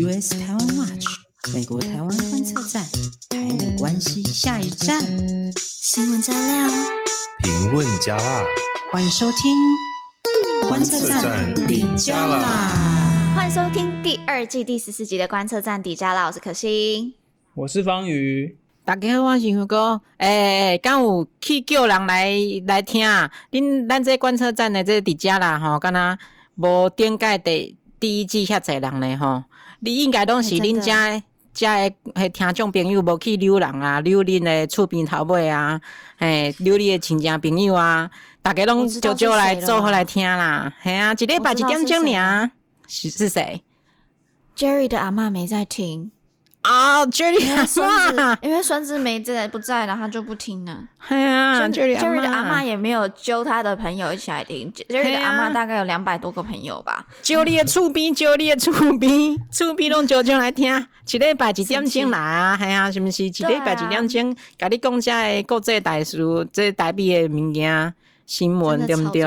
U.S. 台灣 Watch 美國台灣觀測站，台美關係下一站。新聞加料，評論加二，歡迎收聽。觀測站底加啦！歡迎收聽第二季第十四集的觀測《觀測站底加啦》。我是可欣，我是方宇。大家好，我是宇哥。哎、欸，剛有去叫人來來聽啊？你咱這個觀測站的這底加啦吼，剛剛無點蓋第第一季遐濟人呢，吼、哦。你應該攏是恁遮家的聽眾朋友，無去流人啊，流恁誒厝邊頭尾啊，哎、欸，流你誒親戚朋友啊，大家攏招招來做伙來聽啦，嚇啊，一禮拜一點鐘爾、啊？是是誰？Jerry 的阿嬤沒在聽。Oh, Jerry, 子啊，Jerry，酸枝，因為孫枝梅現在不在，然後他就不聽了。哎呀，Jerry 的阿媽 也沒有揪他的朋友一起來聽。Jerry 的阿媽大概有兩百多個朋友吧， 揪你的厝邊，揪你的厝邊，厝邊攏叫叫來聽， 一日百幾鐘一禮拜一點鐘來啊，哎呀、啊，是不是、啊、一禮拜一點鐘，給你講一下國際大事、這個、台幣的物件、新聞，對不對？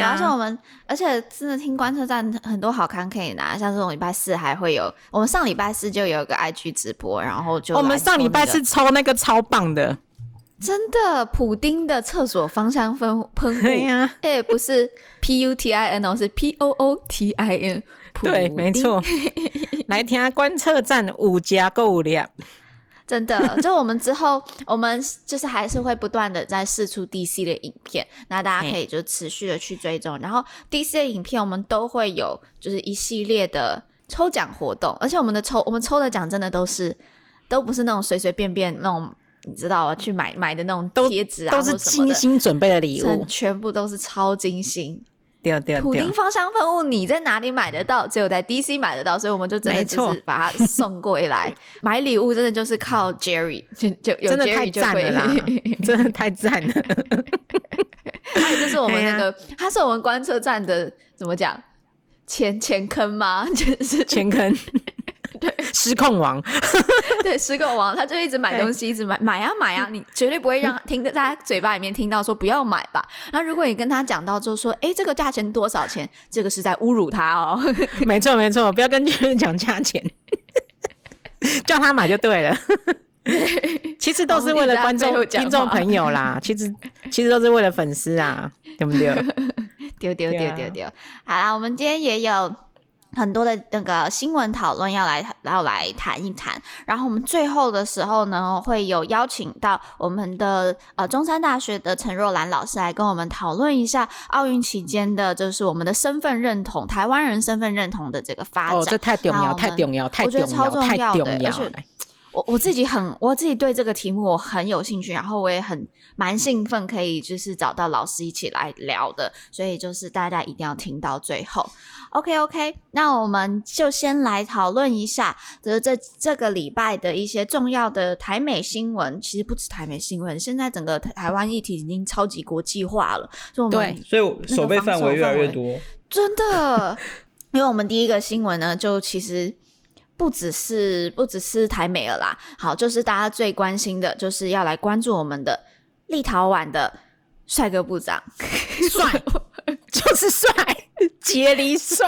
啊、而像我們，而且真的聽觀測站很多好看可以拿，像這種禮拜四還會有，我們上禮拜四就有一個 IG 直播，然後就、那個、我們上禮拜四抽那個超棒的，真的，普丁的廁所芳香分噴霧，哎，不是 P U T I N 哦，是 P O O T I N，對，沒錯， 來聽觀測站五加購物兩。 真的，就我們之後，我們就是還是會不斷的在釋出 D C 的影片，那大家可以就持續的去追蹤。然後 D C 的影片，我們都會有就是一系列的抽獎活動，而且我們的抽，我們抽的獎真的都是，都不是那種隨隨便便那種，你知道啊，去買買的那種貼紙啊，都是精心準備的禮物，全部都是超精心。對對對，土丁芳香噴霧。你，對對對，你在哪裡買得到？只有在 DC 買得到，所以我們就真的就是把它送過來。 買禮物真的就是靠 Jerry，就就有 Jerry 就可以了。真的太讚了！他、 哎、就是我們那個，他、哎、是我們觀測站的，怎麼講？錢錢坑嗎？錢、就是錢坑。 對失控王， 對失控王，他就一直買東西，一直買買啊買啊，你絕對不會讓他聽着在他嘴巴裡面聽到說不要買吧。那如果你跟他講到就說，誒、欸，這個價錢多少錢？這個是在侮辱他哦。 沒錯沒錯，不要跟別人講價錢， 叫他買就對了。 其實都是為了觀眾、哦、聽眾朋友啦，其實其實都是為了粉絲啊，對不對？ 對？丟丢丢丢。好啦，我們今天也有。很多的那個新聞討論要來，然後來談一談。然後我們最後的時候呢，會有邀請到我們的呃中山大學的陳若蘭老師來跟我們討論一下奧運期間的，就是我們的身份認同，台灣人身份認同的這個發展。哦，這太重要，太重要，太重要，太重要，我我自己很，我自己對這個題目我很有興趣，然後我也很蠻興奮，可以就是找到老師一起來聊的，所以就是大家一定要聽到最後。OK OK，那我們就先來討論一下、就是這這個禮拜的一些重要的台美新聞。其實不止台美新聞，現在整個台灣議題已經超級國際化了，所以所以守備範圍越來越多， 真的。因為我們第一個新聞呢，就其實。不只是不只是台美了啦，好，就是大家最關心的，就是要來關注我們的立陶宛的帥哥部長，帥 就是帥帥，傑里帥，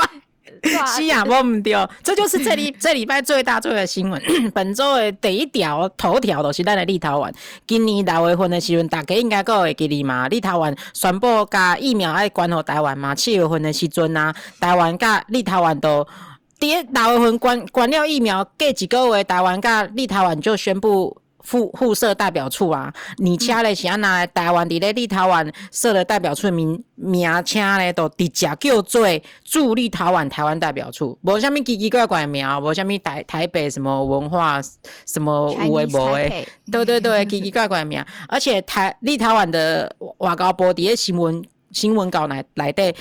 西我、 啊、不迪奧，這就是這裡 這禮拜最大最大的新聞。 本周的第一條頭條都是在的立陶宛，今年六月份的時陣，大家應該夠會記得嘛？立陶宛宣布加疫苗愛關好台灣嘛？七月份的時陣、啊、吶，台灣加立陶宛都。第一打分關關了疫苗，隔幾個月台灣甲立陶宛就宣布互互設代表處啊。你簽嘞是安怎？台灣佇咧立陶宛設的代表處名、嗯、名稱咧都直接叫做駐立陶宛台灣台灣代表處，無啥物奇奇怪怪名，無啥物台台北什麼文化什麼有誒無誒，對對對， 奇奇怪怪名。而且台立陶宛的外交部佇咧新聞新聞稿內內底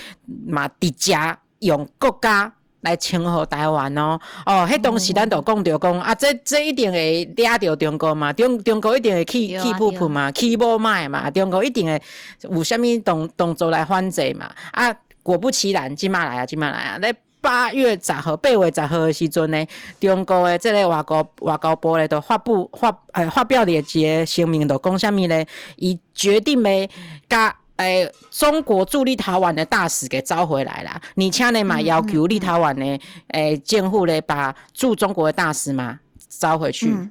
嘛佇遮用國家。來稱呼台灣哦，哦，迄當時咱都講着講，啊，這這一定會掠着中國嘛，中中國一定會起起波波嘛，起波脈嘛，中國一定會，噗噗、啊、一定會有啥物動動作來反制嘛，啊，果不其然，即擺來啊，即擺來啊，在八月十號、八月十號時陣呢，中國誒，即個外國外交部咧都發布發誒、呃、發表了一個聲明，都講啥物咧，伊決定欲、嗯，甲。誒、欸，中國駐立陶宛的大使給召回來啦。你請你嘛要求立陶宛呢，誒、嗯嗯嗯欸、政府呢把駐中國的大使嘛召回去，嗯、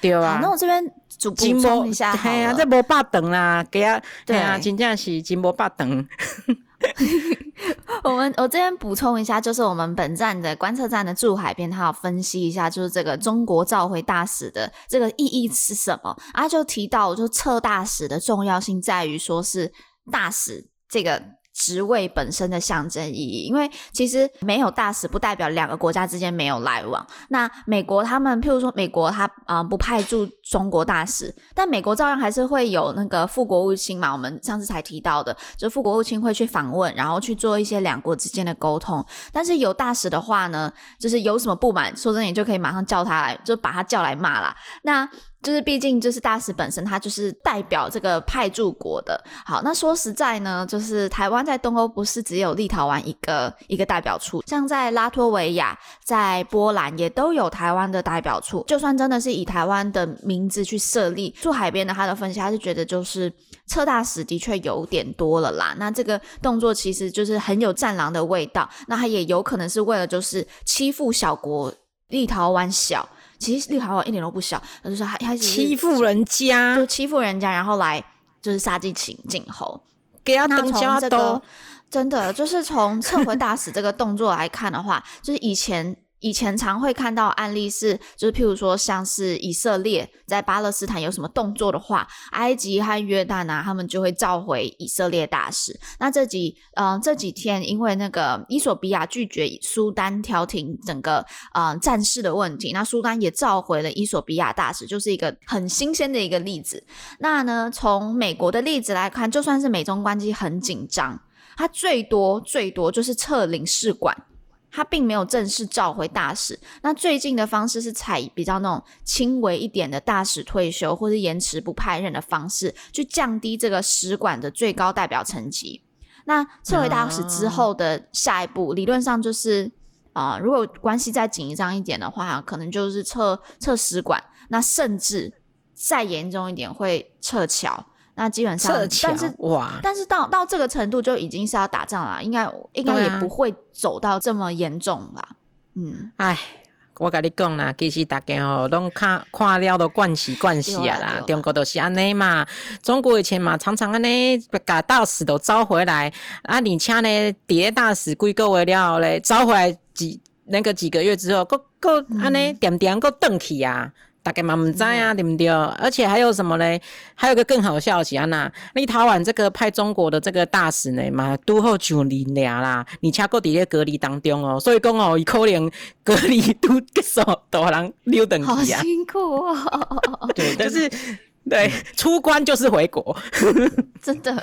對啊，啊，那我這邊主播一下，哎呀、啊，這不罷等啦，給啊，對啊，真正是金波罷等。 我們我這邊補充一下，就是我們本站的觀測站的駐海邊，他要分析一下，就是這個中國召回大使的這個意義是什麼啊？他就提到，就撤大使的重要性在於，說是大使這個。職位本身的象徵意義，因為其實沒有大使不代表兩個國家之間沒有來往。那美國他們，譬如說美國他，他呃不派駐中國大使，但美國照樣還是會有那個副國務卿嘛。我們上次才提到的，就副國務卿會去訪問，然後去做一些兩國之間的溝通。但是有大使的話呢，就是有什麼不滿，說真的你就可以馬上叫他來，就把他叫來罵啦。那。就是畢竟，就是大使本身，他就是代表這個派駐國的。好，那說實在呢，就是台灣在東歐不是只有立陶宛一個一個代表處，像在拉脫維亞、在波蘭也都有台灣的代表處。就算真的是以台灣的名字去設立，住海邊的他的分析，他是覺得就是撤大使的確有點多了啦。那這個動作其實就是很有戰狼的味道。那他也有可能是為了就是欺負小國，立陶宛小。其實立陶宛一點都不小，就是還還欺負人,人家，就欺負人家，然後來就是殺雞儆猴，給他登家都、這個、真的就是從撤回大使這個動作來看的話， 就是以前。以前常會看到案例是，就是譬如說，像是以色列在巴勒斯坦有什麼動作的話，埃及和約旦啊，他們就會召回以色列大使。那這幾嗯、呃、這幾天，因為那個伊索比亞拒絕蘇丹調停整個呃戰事的問題，那蘇丹也召回了伊索比亞大使，就是一個很新鮮的一個例子。那呢，從美國的例子來看，就算是美中關係很緊張，它最多最多就是撤領事館。他並沒有正式召回大使，那最近的方式是採比較那種輕微一點的大使退休或是延遲不派任的方式，去降低這個使館的最高代表層級。那撤回大使之後的下一步，嗯、理論上就是啊、呃，如果關係再緊張一點的話，可能就是撤撤使館，那甚至再嚴重一點會撤僑。那基本上，但是哇，但是到到這個程度就已經是要打仗了啦，應該應該也不會走到這麼嚴重啦。啊、嗯，哎，我跟你講啦，其實大家哦、喔，攏看看了都慣死慣死啊啦，中國都是安尼嘛。中國以前嘛常常安尼把大使都召回來，啊，你且幾個月呢，別大使歸各位了嘞，召回來幾那個幾個月之後，佫佫安尼點點佫頓起啊。嗯大概嘛，不在啊，對不對、嗯？而且還有什麼嘞？還有個更好笑的是啊，那立陶宛這個派中國的這個大使呢，嘛都好久離啦啦，你且夠底個隔離當中哦、喔，所以講哦、喔，一可能隔離都結束，都還能溜等一下。好辛苦哦、喔。 對，就是對，出關就是回國， 真的。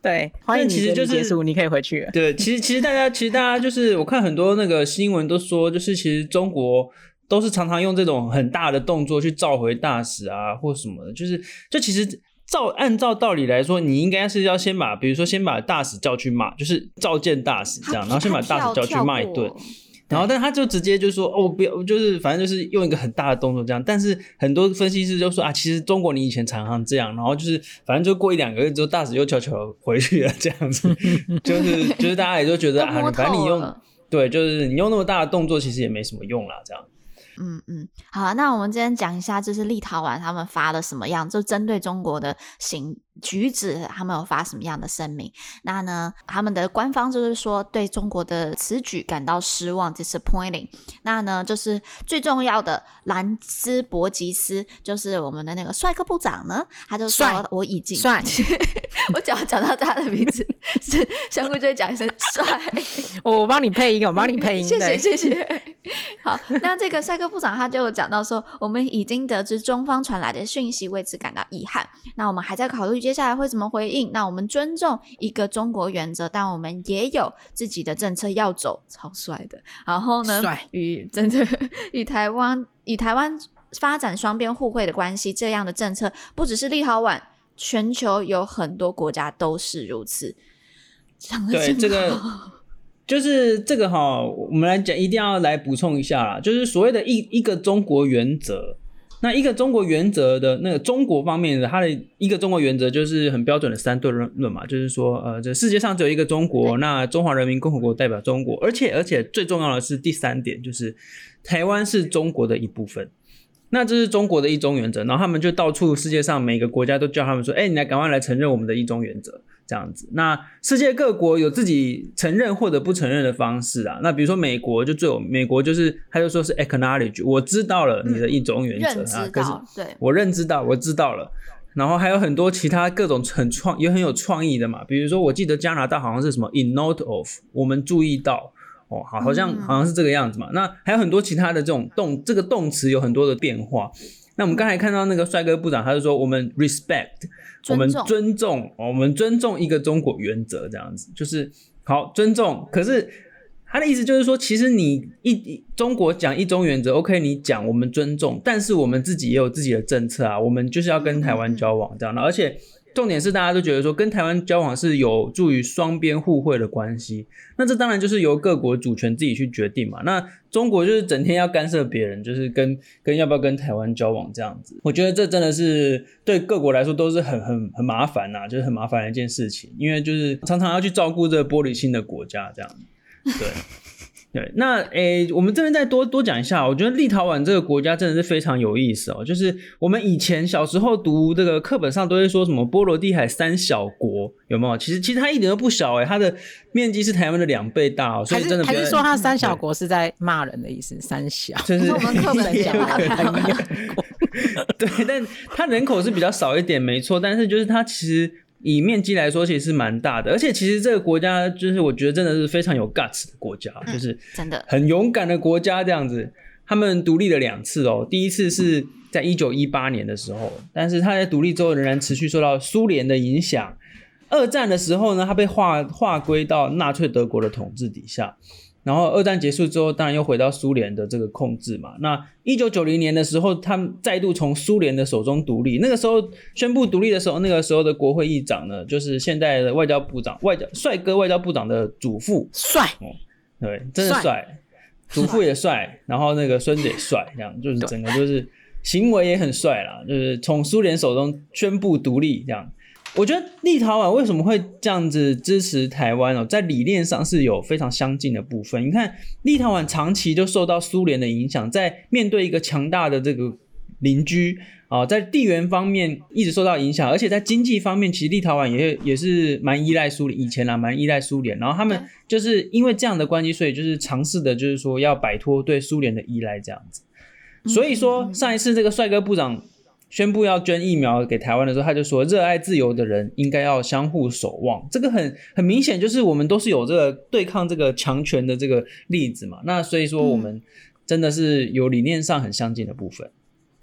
對，歡迎你的結束，就是，你可以回去了。對，其實其實大家其實大家就是，我看很多那個新聞都說，就是其實中國。都是常常用這種很大的動作去召回大使啊，或什麼的，就是就其實照按照道理來說，你應該是要先把比如說先把大使叫去罵，就是召見大使這樣，然後先把大使叫去罵一頓，然後但他就直接就說哦不要，就是反正就是用一個很大的動作這樣，但是很多分析師就說啊，其實中國你以前常常這樣，然後就是反正就過一兩個月之後大使又悄，悄悄回去了這樣子， 就是就是大家也都覺得 都啊，反正你用對，就是你用那麼大的動作其實也沒什麼用啦，這樣。嗯嗯，好，那我們今天講一下，就是立陶宛他們發了什麼樣，就針對中國的行。橘子他們有發什麼樣的聲明？那呢，他們的官方就是說對中國的此舉感到失望 （disappointing）。那呢，就是最重要的蘭斯博吉斯，就是我們的那個帥哥部長呢，他就說我已經帥， 我只要講到他的名字， 是，香菇就會講一聲帥。 我幫你配音，我幫你配音， 謝謝謝謝。好，那這個帥哥部長他就講到說， 我們已經得知中方傳來的訊息，為此感到遺憾。那我們還在考慮。接下來會怎麼回應？那我們尊重一個中國原則，但我們也有自己的政策要走，超帥的。然後呢，與真的與台灣與台灣發展雙邊互惠的關係，這樣的政策不只是立陶宛，全球有很多國家都是如此。對，這個就是這個哈，我們來講一定要來補充一下啦，就是所謂的一一個中國原則。那一個中國原則的那個中國方面的，他的一個中國原則就是很標準的三段論論嘛，就是說，呃，這世界上只有一個中國，那中華人民共和國代表中國，而且而且最重要的是第三點就是台灣是中國的一部分，那這是中國的一中原則，然後他們就到處世界上每個國家都叫他們說，哎，你來趕快來承認我們的一中原則。這樣子，那世界各國有自己承認或者不承認的方式啊。那比如說美國就最有，美國就是他就說是 acknowledge，我知道了你的一種原則、嗯、啊。可是對，我認知到，我知道了。然後還有很多其他各種很創也很有創意的嘛。比如說，我記得加拿大好像是什麼 in note of，我們注意到哦，好好像、嗯、好像是這個樣子嘛。那還有很多其他的這種動，這個動詞有很多的變化。那我們剛才看到那個帥哥部長，他就說我們 respect。我們尊重，我們尊重一個中國原則，這樣子就是好尊重。可是他的意思就是說，其實你一中國講一中原則，OK，你講我們尊重，但是我們自己也有自己的政策啊，我們就是要跟台灣交往這樣的、嗯嗯，而且。重點是大家都覺得說跟台灣交往是有助於雙邊互惠的關係，那這當然就是由各國主權自己去決定嘛。那中國就是整天要干涉別人，就是跟跟要不要跟台灣交往這樣子。我覺得這真的是對各國來說都是很很很麻煩吶、啊，就是很麻煩的一件事情，因為就是常常要去照顧這個玻璃心的國家這樣，對。 對，那誒，我們這邊再多多講一下。我覺得立陶宛這個國家真的是非常有意思哦，就是我們以前小時候讀這個課本上都會說什麼波羅的海三小國，有沒有？其實其實它一點都不小誒，它的面積是台灣的兩倍大哦。所以真的還，還是說它三小國是在罵人的意思？三小？就是，是我們課本講的。 可能 對，但它人口是比較少一點，沒錯。但是就是它其實。以面積來說，其實是蠻大的，而且其實這個國家就是我覺得真的是非常有 guts 的國家，嗯、就是真的很勇敢的國家這樣子。他們獨立了兩次哦，第一次是在一九一八年的時候，但是他在獨立之後仍然持續受到蘇聯的影響。二戰的時候呢，他被劃劃歸到納粹德國的統治底下。然後二戰結束之後，當然又回到蘇聯的這個控制嘛。那一九九零年的時候，他們再度從蘇聯的手中獨立。那個時候宣布獨立的時候，那個時候的國會議長呢，就是現在的外交部長，外交帥哥外交部長的祖父，帥哦，嗯，對，真的帥，帥，祖父也帥，然後那個孫子也帥，這樣就是整個就是行為也很帥啦，就是從蘇聯手中宣布獨立這樣。我覺得立陶宛為什麼會這樣子支持台灣哦，在理念上是有非常相近的部分。你看，立陶宛長期就受到蘇聯的影響，在面對一個強大的這個鄰居啊，哦，在地緣方面一直受到影響，而且在經濟方面，其實立陶宛也也是蠻依賴蘇聯，以前啊蠻依賴蘇聯。然後他們就是因為這樣的關係，所以就是嘗試的就是說要擺脫對蘇聯的依賴這樣子。所以說上一次這個帥哥部長。宣布要捐疫苗給台灣的時候，他就說：“熱愛自由的人應該要相互守望。”這個很很明顯，就是我們都是有這個對抗這個強權的這個例子嘛。那所以說，我們真的是有理念上很相近的部分。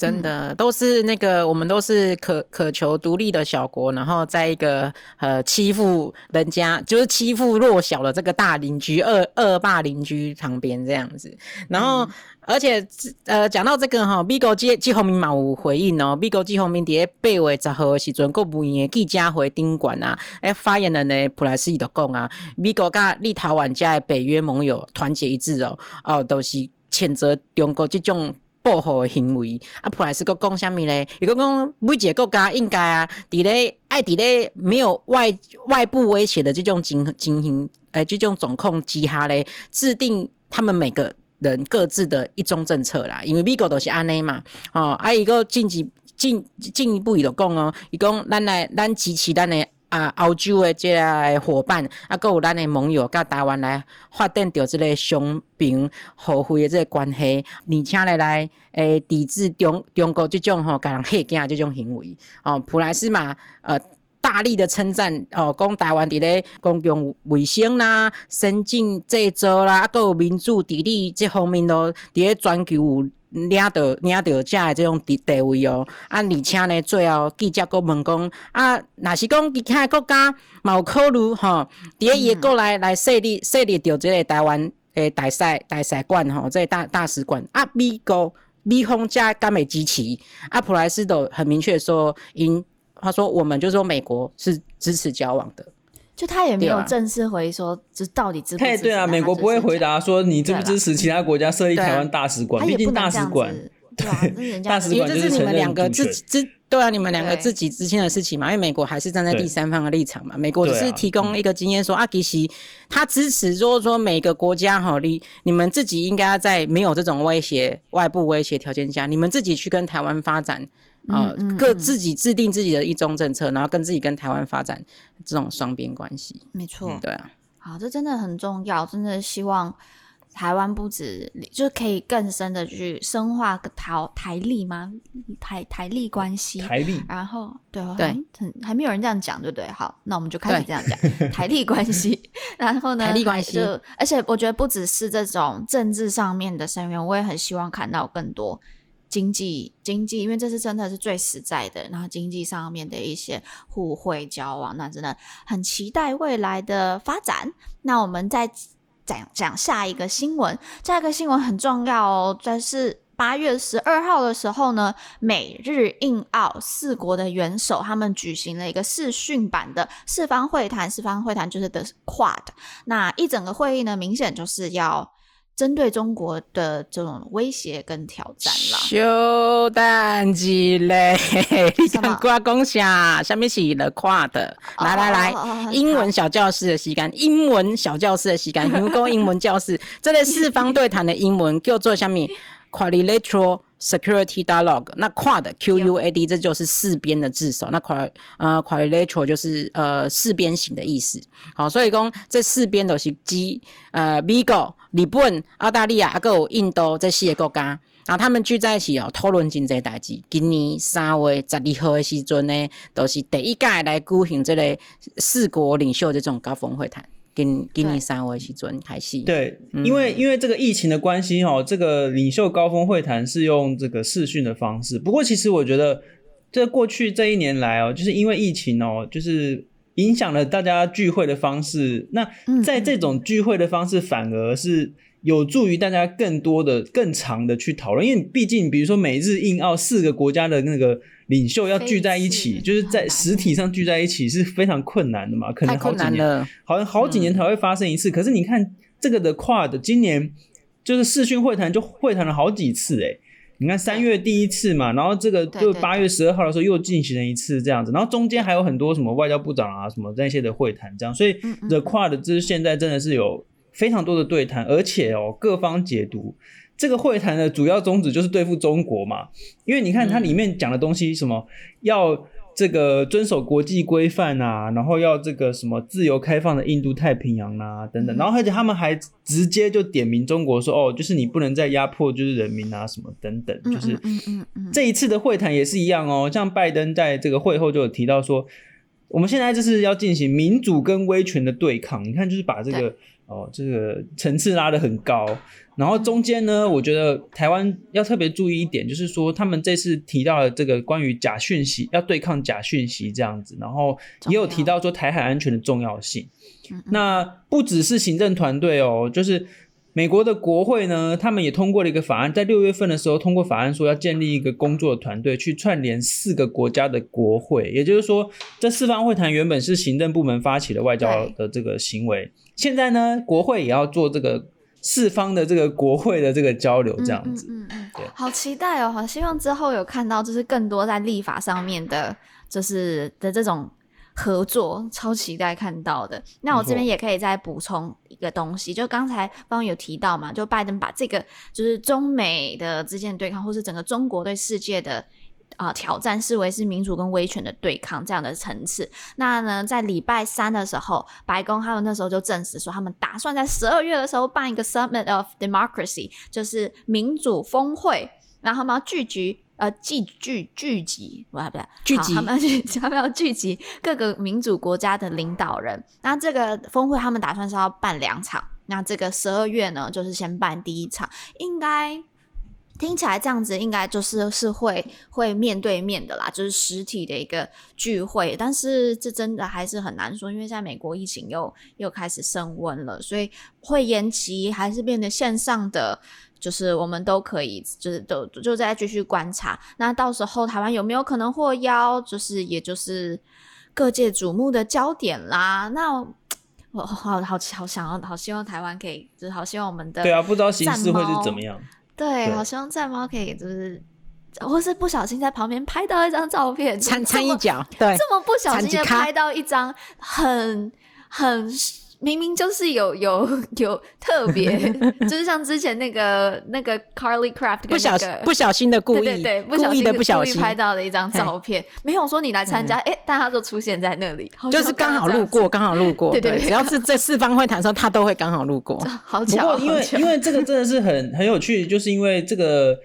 真的、嗯、都是那個，我們都是渴渴求獨立的小國，然後在一個呃欺負人家，就是欺負弱小的這個大鄰居、惡惡霸鄰居旁邊這樣子。然後，嗯、而且呃講到這個哈、喔，米國基基宏明嘛有回應哦、喔，米國基宏明的八月十號是准國務院的記者會上講賓館啊，誒發言人呢普萊斯伊都講啊，米國跟立陶宛家的北約盟友團結一致哦、喔，哦、喔、都、就是譴責中國這種報復的行為，啊，普萊斯閣講啥物咧？伊講講每一個國家應該啊，佇咧愛佇咧沒有外外部威脅的這情形，就、欸、種經經營，誒就種總控之下咧，制定他們每個人各自的一中政策啦。因為美國都是安尼嘛，吼、哦，啊，伊閣進級進進一步伊就講哦，伊講咱來咱支持咱的。啊、呃，歐洲的這伙伴，啊，閣有咱的盟友，到台灣來發展着這個雙邊、互惠的這個關係，而、嗯、且來來誒抵制中中國這種吼，甲人黑加這種行為。哦，普萊斯嘛，呃，大力的稱讚哦，講台灣佇咧公共衛生啦、先進製造啦，啊，閣、啊、有民主、治理這個、方面咯，佇咧全球。有。領到領到這樣的這種地位哦、喔，啊，而且呢、喔，最後記者佫問講，啊，若是講其他國家，嘛有考慮吼佇第伊個國內來設立設立着即個台灣誒、這個、大，大使大使館吼，即個大大使館，啊，美國，美方加岡美基奇，啊，普萊斯都很明確說，因他說，我們就說美國是支持交往的。就他也沒有正式回說、啊，就到底支不知？哎，對啊，美國不會回答說你支不支持其他國家設立台灣大使館、畢竟、啊、大使館，對的的 大使館。這是你們兩個自己之對啊，你們兩個自己之間的事情嘛。因為美國還是站在第三方的立場嘛，美國只是提供一個經驗說啊、嗯，其實他支持，如果說每個國家好，你你們自己應該要在沒有這種威脅、外部威脅條件下，你們自己去跟台灣發展。啊、呃嗯嗯，各自己制定自己的一中政策，嗯、然後跟自己跟台灣發展這種雙邊關係，沒錯、嗯，對啊，好，這真的很重要，真的希望台灣不只就是可以更深的去深化個台台立嗎？台台立關係，台立、嗯，然後，然後對對，很還沒有人這樣講，對不對？好，那我們就開始這樣講 台立關係，然後呢，台立關係，就而且我覺得不只是這種政治上面的聲援，我也很希望看到更多。經濟經濟，因為這是真的是最實在的，然後經濟上面的一些互惠交往，那真的很期待未來的發展。那我們再講講下一個新聞，下一個新聞很重要哦，這是八月十二號的時候呢，美日印澳四國的元首他們舉行了一個視訊版的四方會談，四方會談就是 The Quad，那一整個會議呢，明顯就是要。針對中國的這種威脅跟挑戰啦。修但幾勒，你看刮弓下下面起了跨的，來、oh, 來來，來 oh, oh, 英文小教室的時間，okay. 英文小教室的時間，你 們英文教室，這類、個、四方對談的英文 叫做什麼？ Quadrilateral Security Dialogue，那跨的 Q U A D、嗯、這就是四邊的字首。那 quad, 呃 Quadrilateral 就是呃四邊形的意思。好，所以說這四邊都、就是基呃，美國、日本、澳大利亞、還有、印度這四個國家，然後他們聚在一起哦，討論真濟代誌。今年三月十二號的時陣呢，都、就是第一屆來舉行這類四國領袖這種高峰會談。給給你三位去做台戲，對，嗯、因為因為這個疫情的關係哦、喔，這個領袖高峰會談是用這個視訊的方式。不過其實我覺得，這過去這一年來哦、喔，就是因為疫情哦、喔，就是影響了大家聚會的方式。那在這種聚會的方式，反而是、嗯。有助於大家更多的、更長的去討論，因為畢竟，比如說美日印澳四個國家的那個領袖要聚在一起，就是在實體上聚在一起是非常困難的嘛，可能好幾年，好像好幾年才會發生一次。可是你看這個 the Quad，今年就是視訊會談就會談了好幾次誒、欸。你看三月第一次嘛，然後這個就八月十二號的時候又進行了一次這樣子，然後中間還有很多什麼外交部長啊什麼那些的會談這樣，所以 the Quad，就是現在真的是有。非常多的對談，而且哦，各方解讀這個會談的主要宗旨就是對付中國嘛。因為你看它裡面講的東西，什麼、嗯、要這個遵守國際規範啊，然後要這個什麼自由開放的印度太平洋啊等等、嗯。然後而且他們還直接就點名中國說：“哦，就是你不能再壓迫就是人民啊，什麼等等。”就是這一次的會談也是一樣哦。像拜登在這個會後就有提到說：“我們現在就是要進行民主跟威權的對抗。”你看，就是把這個。哦，這個層次拉得很高，然後中間呢，我覺得台灣要特別注意一點，就是說他們這次提到了這個關於假訊息，要對抗假訊息這樣子，然後也有提到說台海安全的重要性。要那不只是行政團隊哦，就是。美國的國會呢，他們也通過了一個法案，在六月份的時候通過法案說要建立一個工作團隊，去串聯四個國家的國會，也就是說，這四方會談原本是行政部門發起的外交的這個行為，現在呢，國會也要做這個四方的這個國會的這個交流，這樣子，嗯嗯，嗯，對，好期待哦，好希望之後有看到，就是更多在立法上面的，就是的這種。合作，超期待看到的。那我這邊也可以再補充一個東西，就剛才方有提到嘛，就拜登把這個就是中美的之間對抗，或是整個中國對世界的啊、呃、挑戰，視為是民主跟威權的對抗這樣的層次。那呢，在禮拜三的時候，白宮他們那時候就證實說，他們打算在十二月的時候辦一個 Summit of Democracy，就是民主峰會，然後他們要聚集。呃，聚聚聚集，哇不對，聚集，他們他們要聚集各個民主國家的領導人。那這個峰會，他們打算是要辦兩場。那這個十二月呢，就是先辦第一場，應該聽起來這樣子，應該就是是會會面對面的啦，就是實體的一個聚會。但是這真的還是很難說，因為現在美國疫情又又開始升溫了，所以會延期還是變得線上的？就是我們都可以，就是都就再繼續觀察。那到時候台灣有沒有可能獲邀？就是也就是各界矚目的焦點啦。那我，我好好好想要，好希望台灣可以，就是好希望我們的對啊，不知道形式會是怎麼樣。對，對好希望戰貓可以就是，或是不小心在旁邊拍到一張照片，摻摻一腳，對，這麼不小心拍到一張很很。很明明就是有有有特別， 就是像之前那個那個 Carly Craft 跟、那個、不小心不小心的故意對對對不小心，故意的不小心故意拍到的一張照片，沒有說你來參加，哎、嗯欸，但他就出現在那裡，就是剛好路過剛好路過，過，對對對，對，對，只要是這四方會談的時候，他都會剛好路過，好巧。不過因為因為這個真的是很很有趣，就是因為這個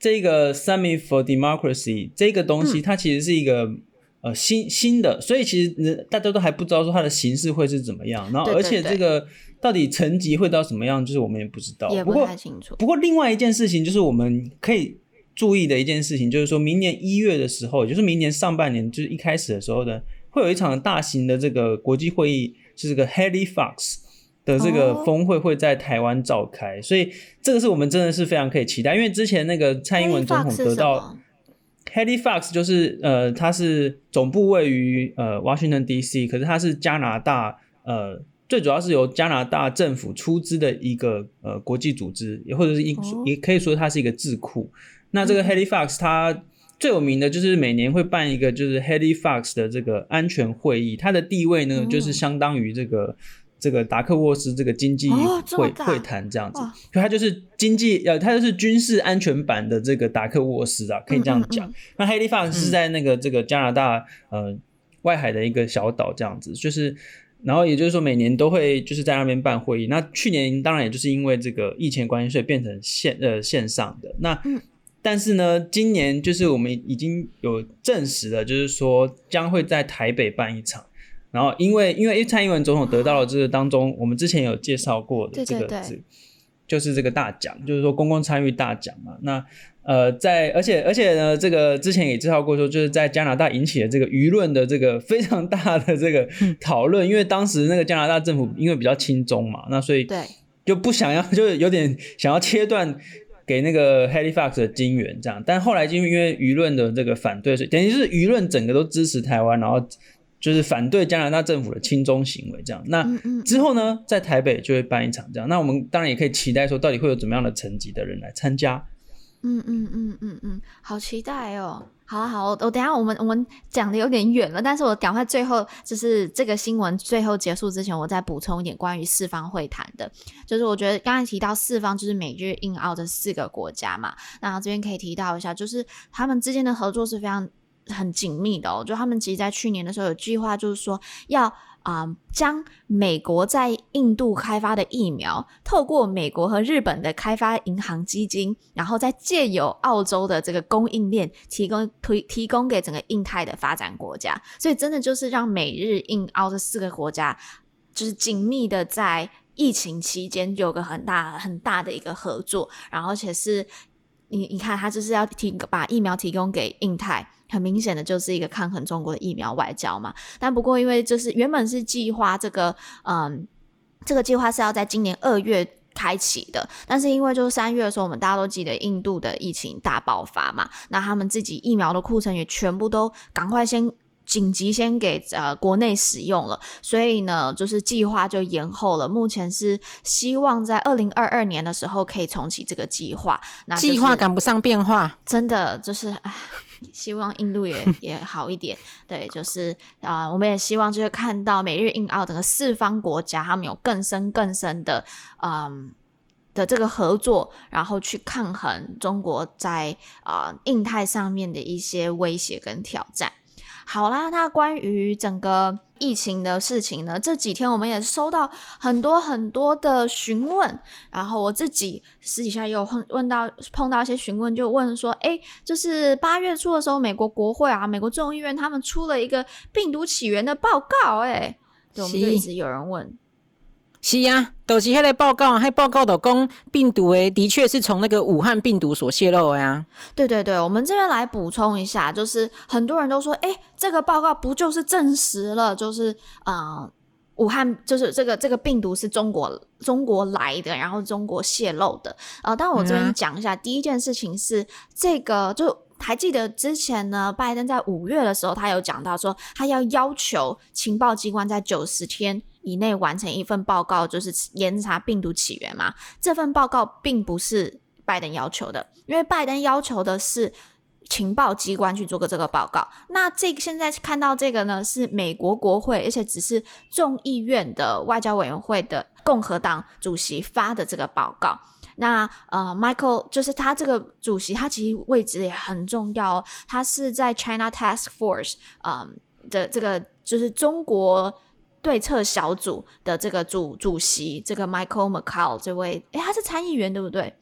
這個 Summit for Democracy 這個東西，它其實是一個。嗯呃，新新的，所以其實呢，大家都還不知道說它的形式會是怎麼樣，然後而且這個到底層級會到什麼樣，就是我們也不知道對對對，不過。也不太清楚。不過另外一件事情就是我們可以注意的一件事情就是說明年一月的時候，就是明年上半年就是一開始的時候呢，會有一場大型的這個國際會議，就是這個 Halifax 的這個峰會會在台灣召開，哦，所以這個是我們真的是非常可以期待，因為之前那個蔡英文總統得到。Halifax 就是呃，它是總部位於呃 Washington D.C.，可是它是加拿大呃，最主要是由加拿大政府出資的一個呃國際組織，也或者是一、哦、也可以說它是一個智庫。那這個 Halifax 它最有名的就是每年會辦一個就是 Halifax 的這個安全會議，它的地位呢就是相當於這個。嗯這個達克沃斯這個經濟會、哦、會談這樣子，就他就是經濟呃，他就是軍事安全版的這個達克沃斯啊，可以這樣講。嗯嗯嗯、那黑利範是在那個這個加拿大呃外海的一個小島這樣子，嗯、就是然後也就是說每年都會就是在那邊辦會議。那去年當然也就是因為這個疫情關係，所以變成線呃線上的。那、嗯、但是呢，今年就是我們已經有證實了，就是說將會在台北辦一場。然後因，因為因為蔡英文總統得到了就是當中、啊，我們之前有介紹過的這個字，就是這個大獎，就是說公共參與大獎嘛。那呃，在而且而且呢，這個之前也介紹過說，就是在加拿大引起了這個輿論的這個非常大的這個討論。嗯、因為當時那個加拿大政府因為比較親中嘛、嗯，那所以對就不想要，就是有點想要切斷給那個 Halifax 的金援這樣。但後來就因為輿論的這個反對，所以等於是輿論整個都支持台灣，然後，就是反對加拿大政府的親中行為，這樣。那之後呢，在台北就會辦一場這樣。那我們當然也可以期待說，到底會有怎麼樣的層級的人來參加。嗯嗯嗯嗯嗯，好期待哦。好、啊，好，我、哦、等一下我們我們講的有點遠了，但是我趕快最後就是這個新聞最後結束之前，我再補充一點關於四方會談的。就是我覺得剛才提到四方，就是美日印澳這四個國家嘛，那這邊可以提到一下，就是他們之間的合作是非常。很緊密的哦，就他們其實，在去年的時候有計劃，就是說要啊，將、呃、美國在印度開發的疫苗，透過美國和日本的開發銀行基金，然後再借由澳洲的這個供應鏈提供推提，提供給整個印太的發展國家。所以，真的就是讓美日印澳這四個國家，就是緊密的在疫情期間有個很大很大的一個合作，然後而且是你你看，他就是要提把疫苗提供給印太。很明顯的就是一個抗衡中國的疫苗外交嘛，但不過因為就是原本是計劃這個嗯，這個計劃是要在今年二月開啟的，但是因為就是三月的時候，我們大家都記得印度的疫情大爆發嘛，那他們自己疫苗的庫存也全部都趕快先緊急先給呃國內使用了，所以呢就是計劃就延後了，目前是希望在二零二二年的時候可以重啟這個計劃，那、就是、計劃趕不上變化，真的就是啊。希望印度也也好一點， 對，就是啊、呃，我們也希望就是看到美日印澳整個四方國家，他們有更深更深的，嗯、呃，的這個合作，然後去抗衡中國在啊、呃、印太上面的一些威脅跟挑戰。好啦，那關於整個疫情的事情呢，這幾天我們也收到很多很多的詢問，然後我自己私底下也有問到碰到一些詢問，就問說，哎，就是八月初的時候，美國國會啊，美國眾議院他們出了一個病毒起源的報告，哎，對，我們就一直有人問。是呀、啊，就是那個報告，還、那個、報告的公病毒誒，的確是從那個武漢病毒所洩露呀、啊。對對對，我們這邊來補充一下，就是很多人都說，哎、欸，這個報告不就是證實了，就是啊、呃，武漢就是這個這個病毒是中國中國來的，然後中國洩露的。呃，但我這邊講一下、嗯啊，第一件事情是這個，就還記得之前呢，拜登在五月的時候，他有講到說，他要要求情報機關在九十天，以內完成一份報告，就是嚴查病毒起源嘛。這份報告並不是拜登要求的，因為拜登要求的是情報機關去做個這個報告。那這個現在看到這個呢，是美國國會，而且只是眾議院的外交委員會的共和黨主席發的這個報告。那呃，Michael 就是他這個主席，他其實位置也很重要哦，他是在 China Task Force 嗯、呃，的這個就是中國。對策小組的這個主主席，這個 Michael McCaul 這位，誒，他是參議員對不對？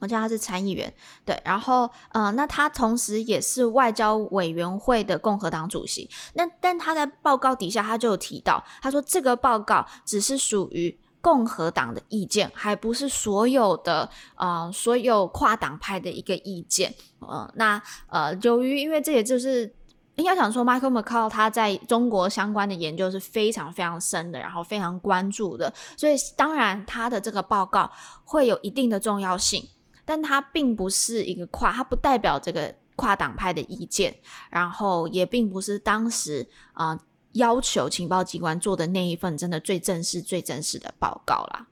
我叫他是參議員對，然後呃，那他同時也是外交委員會的共和黨主席。那但他在報告底下，他就有提到，他說這個報告只是屬於共和黨的意見，還不是所有的啊、呃，所有跨黨派的一個意見。嗯、呃，那呃，由於因為這也就是。嗯，應該想說，Michael McCall 他在中國相關的研究是非常非常深的，然後非常關注的，所以當然他的這個報告會有一定的重要性，但它並不是一個跨，它不代表這個跨黨派的意見，然後也並不是當時啊、呃、要求情報機關做的那一份真的最正式、最正式的報告啦。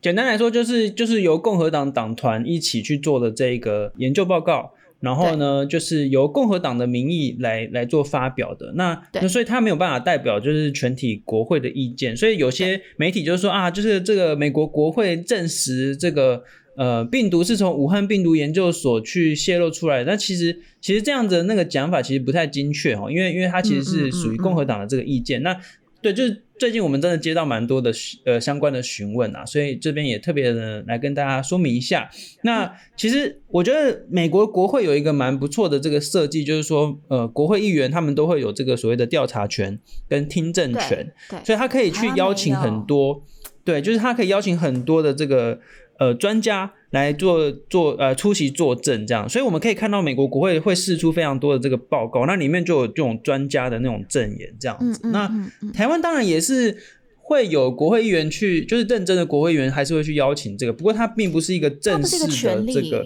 簡單來說，就是就是由共和黨黨團一起去做的這個研究報告。然後呢，就是由共和黨的名義來來做發表的，那，對，所以他沒有辦法代表就是全體國會的意見，所以有些媒體就是說啊，就是這個美國國會證實這個呃病毒是從武漢病毒研究所去洩露出來的，那其實其實這樣子的那個講法其實不太精確哈，因為因為它其實是屬於共和黨的這個意見，嗯嗯嗯嗯，那對就是。最近我們真的接到蠻多的呃相關的詢問啊，所以這邊也特別的來跟大家說明一下。那其實我覺得美國國會有一個蠻不錯的這個設計，就是說呃國會議員他們都會有這個所謂的調查權跟聽證權，所以他可以去邀請很多，對，就是他可以邀請很多的這個。呃，專家來做做呃出席作證這樣，所以我們可以看到美國國會會釋出非常多的這個報告，那裡面就有這種專家的那種證言這樣子。嗯嗯嗯、那台灣當然也是會有國會議員去，就是認真的國會議員還是會去邀請這個，不過它並不是一個正式的這個，個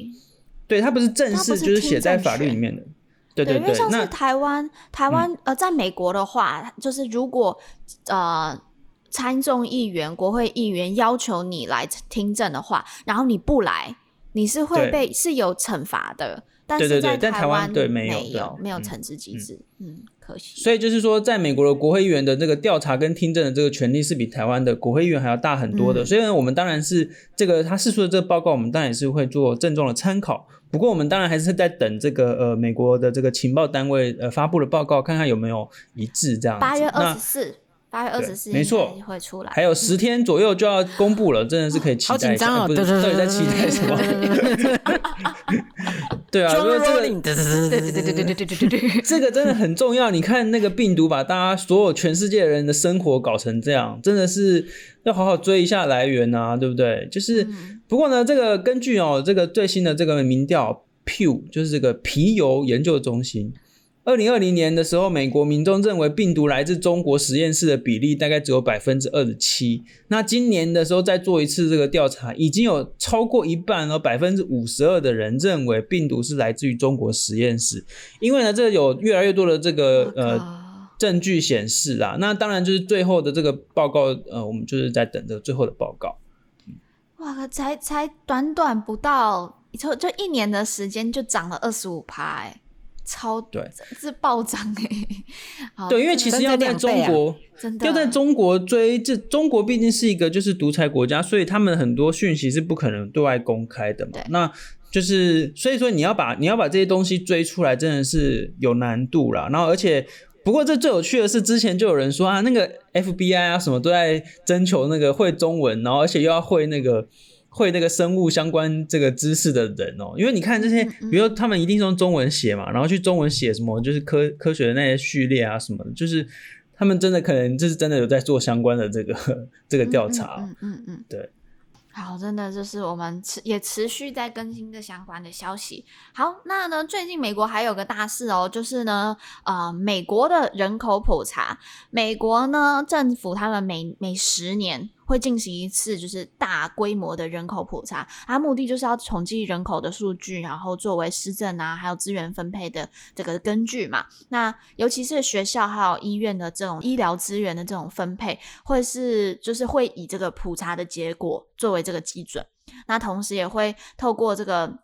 對，它不是正式，是就是寫在法律裡面的。對對對，像是台那台灣台灣呃，在美國的話，嗯、就是如果呃。參眾議員、國會議員要求你來聽證的話，然後你不來，你是會被是有懲罰的。但是在台灣對沒有對對對對，沒有懲治機制嗯，嗯，可惜。所以就是說，在美國的國會議員的這個調查跟聽證的這個權利是比台灣的國會議員還要大很多的。嗯、所以呢，我們當然是這個他釋出的這個報告，我們當然也是會做鄭重的參考。不過我們當然還是在等這個呃美國的這個情報單位呃發布的報告，看看有沒有一致這樣子。八月二十四，八月二十四日沒錯，還有十天左右就要公布了，嗯、真的是可以期待一下。好緊張哦！對，對，對，哎、對，對，對，對，對，對在期待什麼？對，對，對，對，對， 對啊，因為，這個對對對對對對，這個真的很重要。 你看那個病毒把大家所有全世界的人的生活搞成這樣，真的是要好好追一下來源啊，對不對？就是、嗯、不過呢，這個根據哦，這個最新的這個民調，Pew 就是這個皮尤研究中心。二零二零年的時候，美國民眾認為病毒來自中國實驗室的比例大概只有百分之二十七。那今年的時候再做一次這個調查，已經有超過一半和百分之五十二的人認為病毒是來自於中國實驗室。因為呢，這有越來越多的這個呃證據顯示啦。那當然就是最後的這個報告，呃，我們就是在等着最後的報告。哇，才才短短不到就就一年的時間，就漲了二十五趴，哎超對，真是暴漲哎、欸，對，因為其實要在中國，啊、要在中國追這中國畢竟是一個就是獨裁國家，所以他們很多訊息是不可能對外公開的嘛。那就是所以說你要把你要把這些東西追出來，真的是有難度啦。然後而且不過這最有趣的是，之前就有人說啊，那個 FBI 啊什麼都在徵求那個會中文，然後而且又要會那個。會那個生物相關這個知識的人哦，因為你看這些，嗯嗯、比如說他們一定是用中文寫嘛，然後去中文寫什麼，就是科科學的那些序列啊什麼的，就是他們真的可能就是真的有在做相關的這個這個調查。嗯嗯，嗯，嗯對。好，真的就是我們持也持續在更新這相關的消息。好，那呢，最近美國還有個大事哦，就是呢，呃，美國的人口普查。美國呢，政府他們每每十年，會進行一次就是大規模的人口普查，它目的，就是要統計人口的數據，然後作為施政啊，還有資源分配的這個根據嘛。那尤其是學校還有醫院的這種醫療資源的這種分配，會是就是會以這個普查的結果作為這個基準。那同時也會透過這個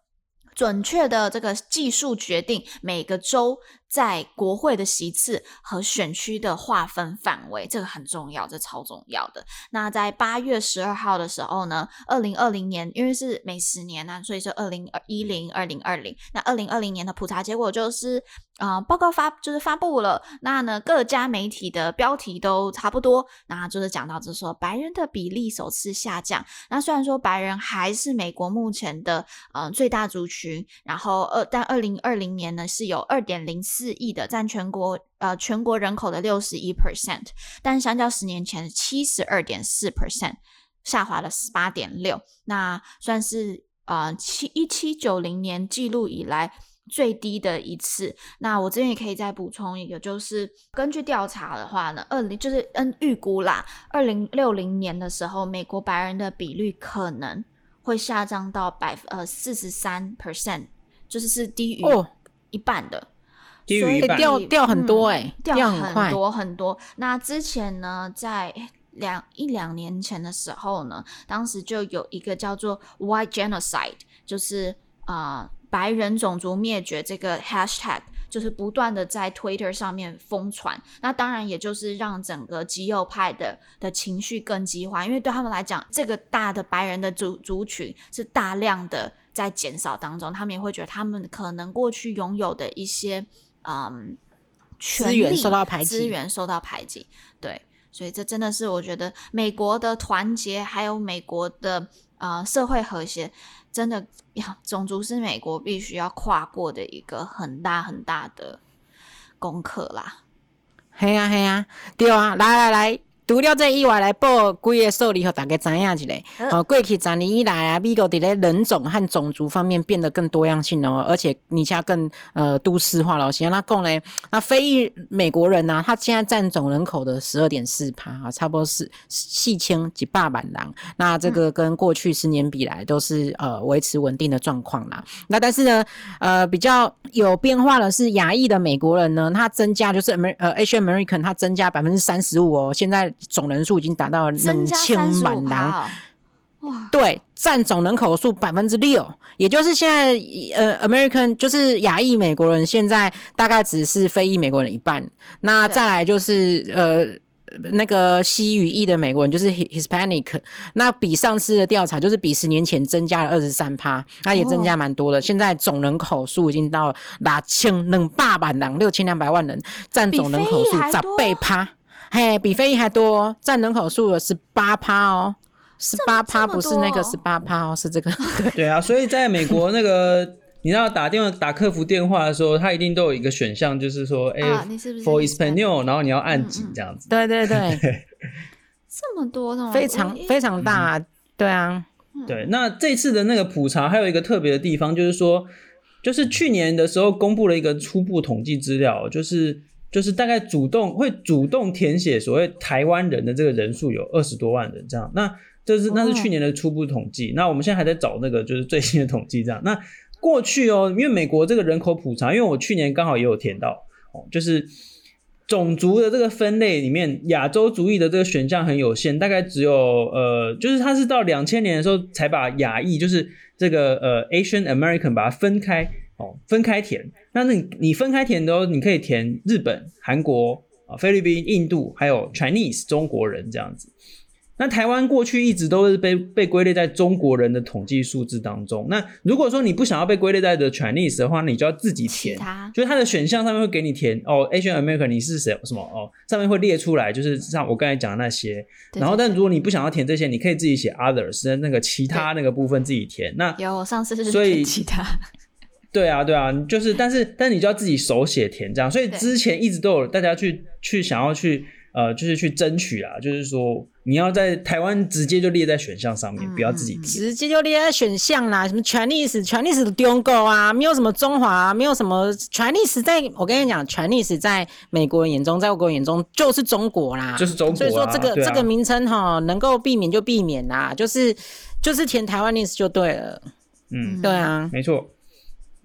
準確的這個計數決定每個州，在國會的席次和選區的劃分範圍，這個很重要，這個、超重要的。那在八月十二號的時候呢，二零二零年，因為是每十年啊，所以是二零一零、二零二零。那二零二零年的普查結果就是啊、呃，報告發就是發布了。那呢，各家媒體的標題都差不多，那就是講到就是說白人的比例首次下降。那雖然說白人還是美國目前的嗯、呃、最大族群，然後二、呃、但二零二零年呢是有二點零四。四億的占全國呃全國人口的六十一 percent，但相較十年前七十二點四 percent 下滑了十八點六，那算是呃七一七九零年記錄以來最低的一次。那我這邊也可以再補充一個，就是根據調查的話呢，二零就是嗯預估啦，二零六零年的時候，美國白人的比率可能會下降到百分呃四十三 percent，就是是低於一半的。Oh. 所以、欸、掉掉很多哎、欸、嗯，掉很多很多。很那之前呢，在兩一兩年前的時候呢，當時就有一個叫做 “White Genocide”，就是啊、呃，白人種族滅絕這個 hashtag，就是不斷的在 Twitter 上面瘋傳。那當然，也就是讓整個極右派的的情緒更激化，因為對他們來講，這個大的白人的族族群是大量的在減少當中，他們也會覺得他們可能過去擁有的一些。嗯，資源受到排擠，資源受到排擠，對，所以這真的是我覺得美國的團結，還有美國的啊、呃、社會和諧，真的呀，種族是美國必須要跨過的一個很大很大的功課啦。嘿呀、啊，嘿呀、啊，對啊，來來來。除了在一外來報，規業受理，讓大家知道一下。呃、哦、過去十年以來啊，美國佇人種和種族方面變得更多樣性哦，而且你現在更呃都市化了。西雅圖咧，那非裔美國人吶、啊，他現在占總人口的十二點四趴，哈、啊，差不多是四千幾八百萬。那這個跟過去十年比來都是呃維持穩定的狀況啦。那但是呢，呃，比較有變化的是亞裔的美國人呢，他增加就是呃 Asian American，他增加百分之三十五哦，現在。總人數已經達到兩千萬人，哇！對，占總人口數百分之六，也就是現在呃，American 就是亞裔美國人現在大概只是非裔美國人一半。那再來就是呃，那個西語裔的美國人，就是 Hispanic，那比上次的調查就是比十年前增加了二十三趴，那也增加蠻多的、哦。現在總人口數已經到了六千兩百萬人，六千兩百萬人，占總人口數十八趴。嘿、hey，比非裔還多，占、欸、人口數的是十八趴哦，十八趴，不是那個十八趴哦，是這個對。對啊，所以在美國那個 你要打電話打客服電話的時候，他一定都有一個選項，就是說，哎、欸，啊、你是不是 For Hispanic 然後你要按幾這樣子、嗯嗯。對對對。 這麼多 非，非常非常大、啊嗯。對啊，對。那這次的那個普查還有一個特別的地方，就是說，就是去年的時候公布了一個初步統計資料，就是。就是大概主動會主動填寫所謂台灣人的這個人數有二十多萬人這樣，那這是那是去年的初步統計，那我們現在還在找那個就是最新的統計這樣。那過去哦，因為美國這個人口普查，因為我去年剛好也有填到哦，就是種族的這個分類裡面，亞洲族裔的這個選項很有限，大概只有呃，就是他是到兩千年的時候才把亞裔就是這個呃 Asian American 把它分開。哦，分開填。那那你你分開填的時候，你可以填日本、韓國啊、哦、菲律賓、印度，還有 Chinese 中國人這樣子。那台灣過去一直都是被被歸類在中國人的統計數字當中。那如果說你不想要被歸類在的 Chinese 的話，你就要自己填。其他就是它的選項上面會給你填哦，Asian American 你是誰什麼哦？上面會列出來，就是像我剛才講的那些。然後，但如果你不想要填這些，你可以自己寫 others 那個其他那個部分自己填。那有，我上次是，是填其他。 對啊，對啊，就是，但是，但是你就要自己手寫填這樣。所以之前一直都有大家去去想要去呃，就是去爭取啊，就是說你要在台灣直接就列在選項上面，不要自己、嗯、直接就列在選項啦，什麼 Chinese、Chinese 的丟夠啊，沒有什麼中華、啊，沒有什麼 Chinese，在我跟你講，Chinese 在美國人眼中，在外國人眼中就是中國啦，就是中國、啊。所以說這個、啊、這個名稱哈、喔，能夠避免就避免啦，就是就是填 Taiwanese 就對了。嗯，對啊，沒錯。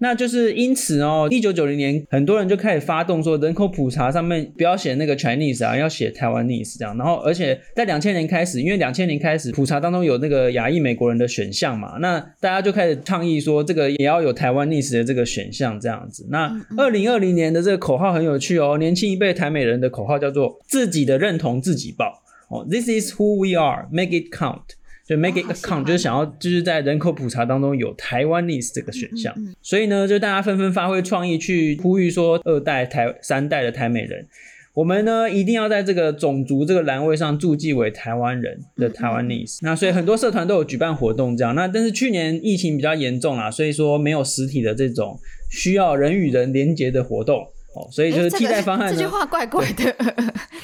那就是因此哦，一九九零年，很多人就開始發動說，人口普查上面不要寫那個 Chinese 啊，要寫 Taiwanese 這樣。然後，而且在兩千年開始，因為兩千年開始普查當中有那個亞裔美國人的選項嘛，那大家就開始倡議說，這個也要有 Taiwanese 的這個選項這樣子。那二零二零年的這個口號很有趣哦，年輕一輩台美人的口號叫做“自己的認同自己報”，哦，This is who we are，Make it count。就 make it a count、啊、是就是想要就是在人口普查當中有 Taiwanese 這個選項、嗯嗯嗯，所以呢就大家紛紛發揮創意去呼籲說，二代台三代的台美人，我們呢一定要在這個種族這個欄位上注記為台灣人的 Taiwanese。那所以很多社團都有舉辦活動這樣。那但是去年疫情比較嚴重啦，所以說沒有實體的這種需要人與人連結的活動。哦，所以就是替代方案、這個、這句話怪怪的，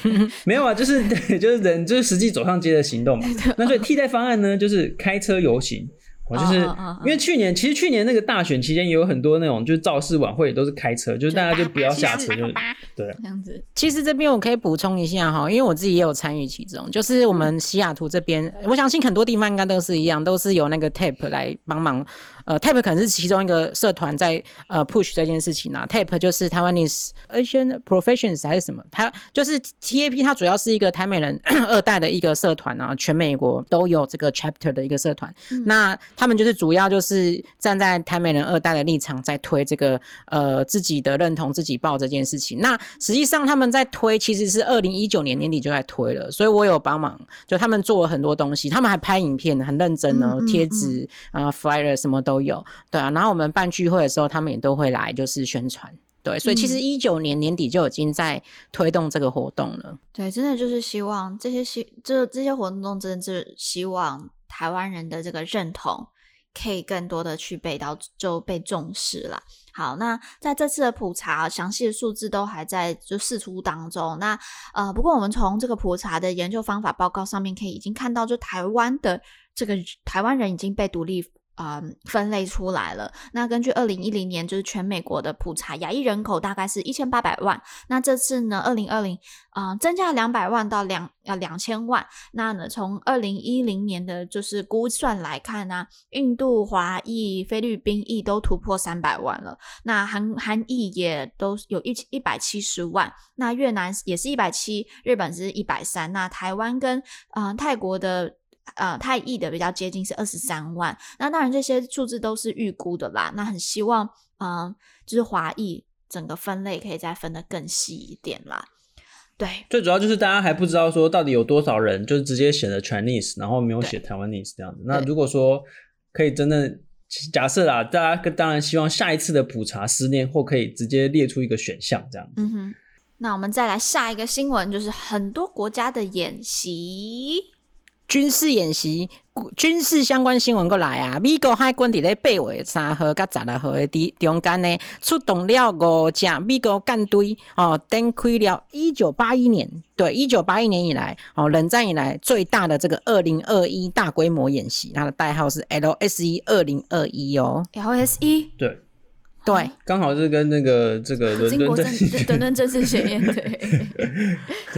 嗯嗯、沒有啊，就是對、嗯，就是人就是實際走上街的行動嘛。那所以替代方案呢，就是開車遊行。我、哦、就是因為去年、哦哦，其實去年那個大選期間，也有很多那種就是造勢晚會，都是開車，就是就大家就不要下車就，就對。這樣子，其實這邊我可以補充一下哈，因為我自己也有參與其中，就是我們西雅圖這邊，我相信很多地方應該都是一樣，都是有那個 tap 來幫忙。呃，TAP 可能是其中一個社團在呃 push 這件事情啊 TAP 就是 Taiwanese Asian Professionals 還是什麼，他就是 TAP，它主要是一個台美人 二代的一個社團啊，全美國都有這個 chapter 的一個社團、嗯。那他們就是主要就是站在台美人二代的立場在推這個呃自己的認同、自己報這件事情。那實際上他們在推其實是二零一九年年底就在推了，所以我有幫忙，就他們做了很多東西，他們還拍影片，很認真哦，貼紙啊、嗯嗯嗯 flyer 什麼都有。有對啊，然後我們辦聚會的時候，他們也都會來，就是宣傳。對，所以其實一九年、嗯、年底就已經在推動這個活動了。對，真的就是希望這些西，這這些活動，真的就是希望台灣人的這個認同可以更多的去被到，就被重視了。好，那在這次的普查，詳細的數字都還在就釋出當中。那呃，不過我們從這個普查的研究方法報告上面，可以已經看到，就台灣的這個台灣人已經被獨立。啊、嗯，分類出來了。那根據二零一零年就是全美國的普查，亞裔人口大概是一千八百萬。那這次呢，二零二零，呃，增加兩百萬到兩、呃、兩千萬。那呢，從二零一零年的就是估算來看呢、啊，印度華裔、菲律賓裔都突破三百萬了。那韓韓裔也都有一一百七十萬。那越南也是一百七，日本是一百三。那台灣跟啊、呃、泰國的。呃，台裔的比較接近是二十三萬，那當然這些數字都是預估的啦。那很希望，嗯、呃，就是華裔整個分類可以再分得更細一點啦。對，最主要就是大家還不知道說到底有多少人就是直接寫了 Chinese，然後沒有寫 Taiwanese 這樣子。那如果說可以真的假設啦，大家當然希望下一次的普查十年後可以直接列出一個選項這樣。嗯哼。那我們再來下一個新聞，就是很多國家的演習。軍事演習，軍事相關新聞過來啊！美國海軍在八月三號跟十六號的中間呢，出動了五架美國艦隊哦，等虧了。一九八一年，對，一九八一年以來，哦，冷戰以來最大的這個二零二一大規模演習，它的代號是 LSE 二零二一哦，LSE 對。對，剛好是跟那個這個倫敦倫敦政治學院 對，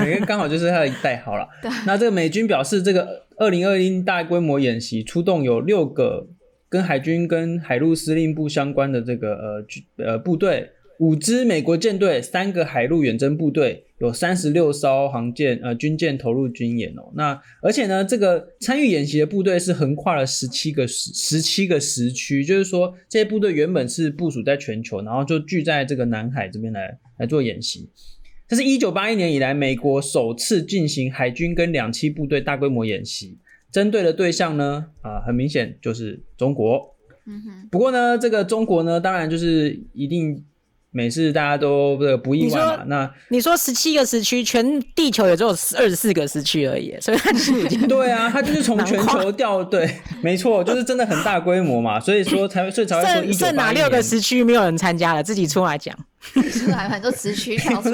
因為剛好就是他的一帶好了。 那這個美軍表示，這個二零二零大規模演習出動有六個跟海軍跟海陸司令部相關的這個呃呃部隊。五支美國艦隊、三個海陸遠征部隊，有三十六艘航艦、呃軍艦投入軍演哦、喔。那而且呢，這個參與演習的部隊是橫跨了十七個十十七個時區，就是說這些部隊原本是部署在全球，然後就聚在這個南海這邊來來做演習。這是一九八一年以來美國首次進行海軍跟兩棲部隊大規模演習，針對的對象呢，啊、呃，很明顯就是中國。嗯，不過呢，這個中國呢，當然就是一定。每次大家都不不意外嘛。那你說十七個時區，全地球也只有二十四個時區而已，所以他已對啊，他就是從全球調。 對，沒錯，就是真的很大規模嘛。 所以說所以才所以才會說是哪六個時區沒有人參加了，自己出來講，反正很多時區調出可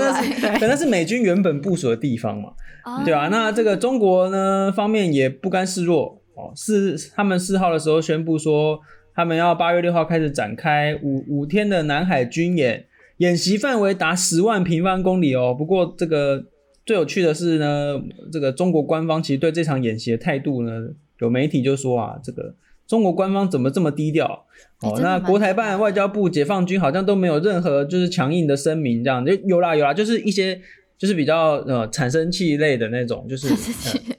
能 是、是美軍原本部署的地方嘛，oh. 對啊，那這個中國呢方面也不甘示弱哦，是他們四號的時候宣布說，他們要八月六號開始展開五五天的南海軍演。演習範圍達十萬平方公里哦。不過這個最有趣的是呢，這個中國官方其實對這場演習的態度呢，有媒體就說啊，這個中國官方怎麼這麼低調，欸？哦，那國台辦、外交部、解放軍好像都沒有任何就是強硬的聲明，這樣就有啦有啦，就是一些就是比較呃產生氣類的那種，就是。呃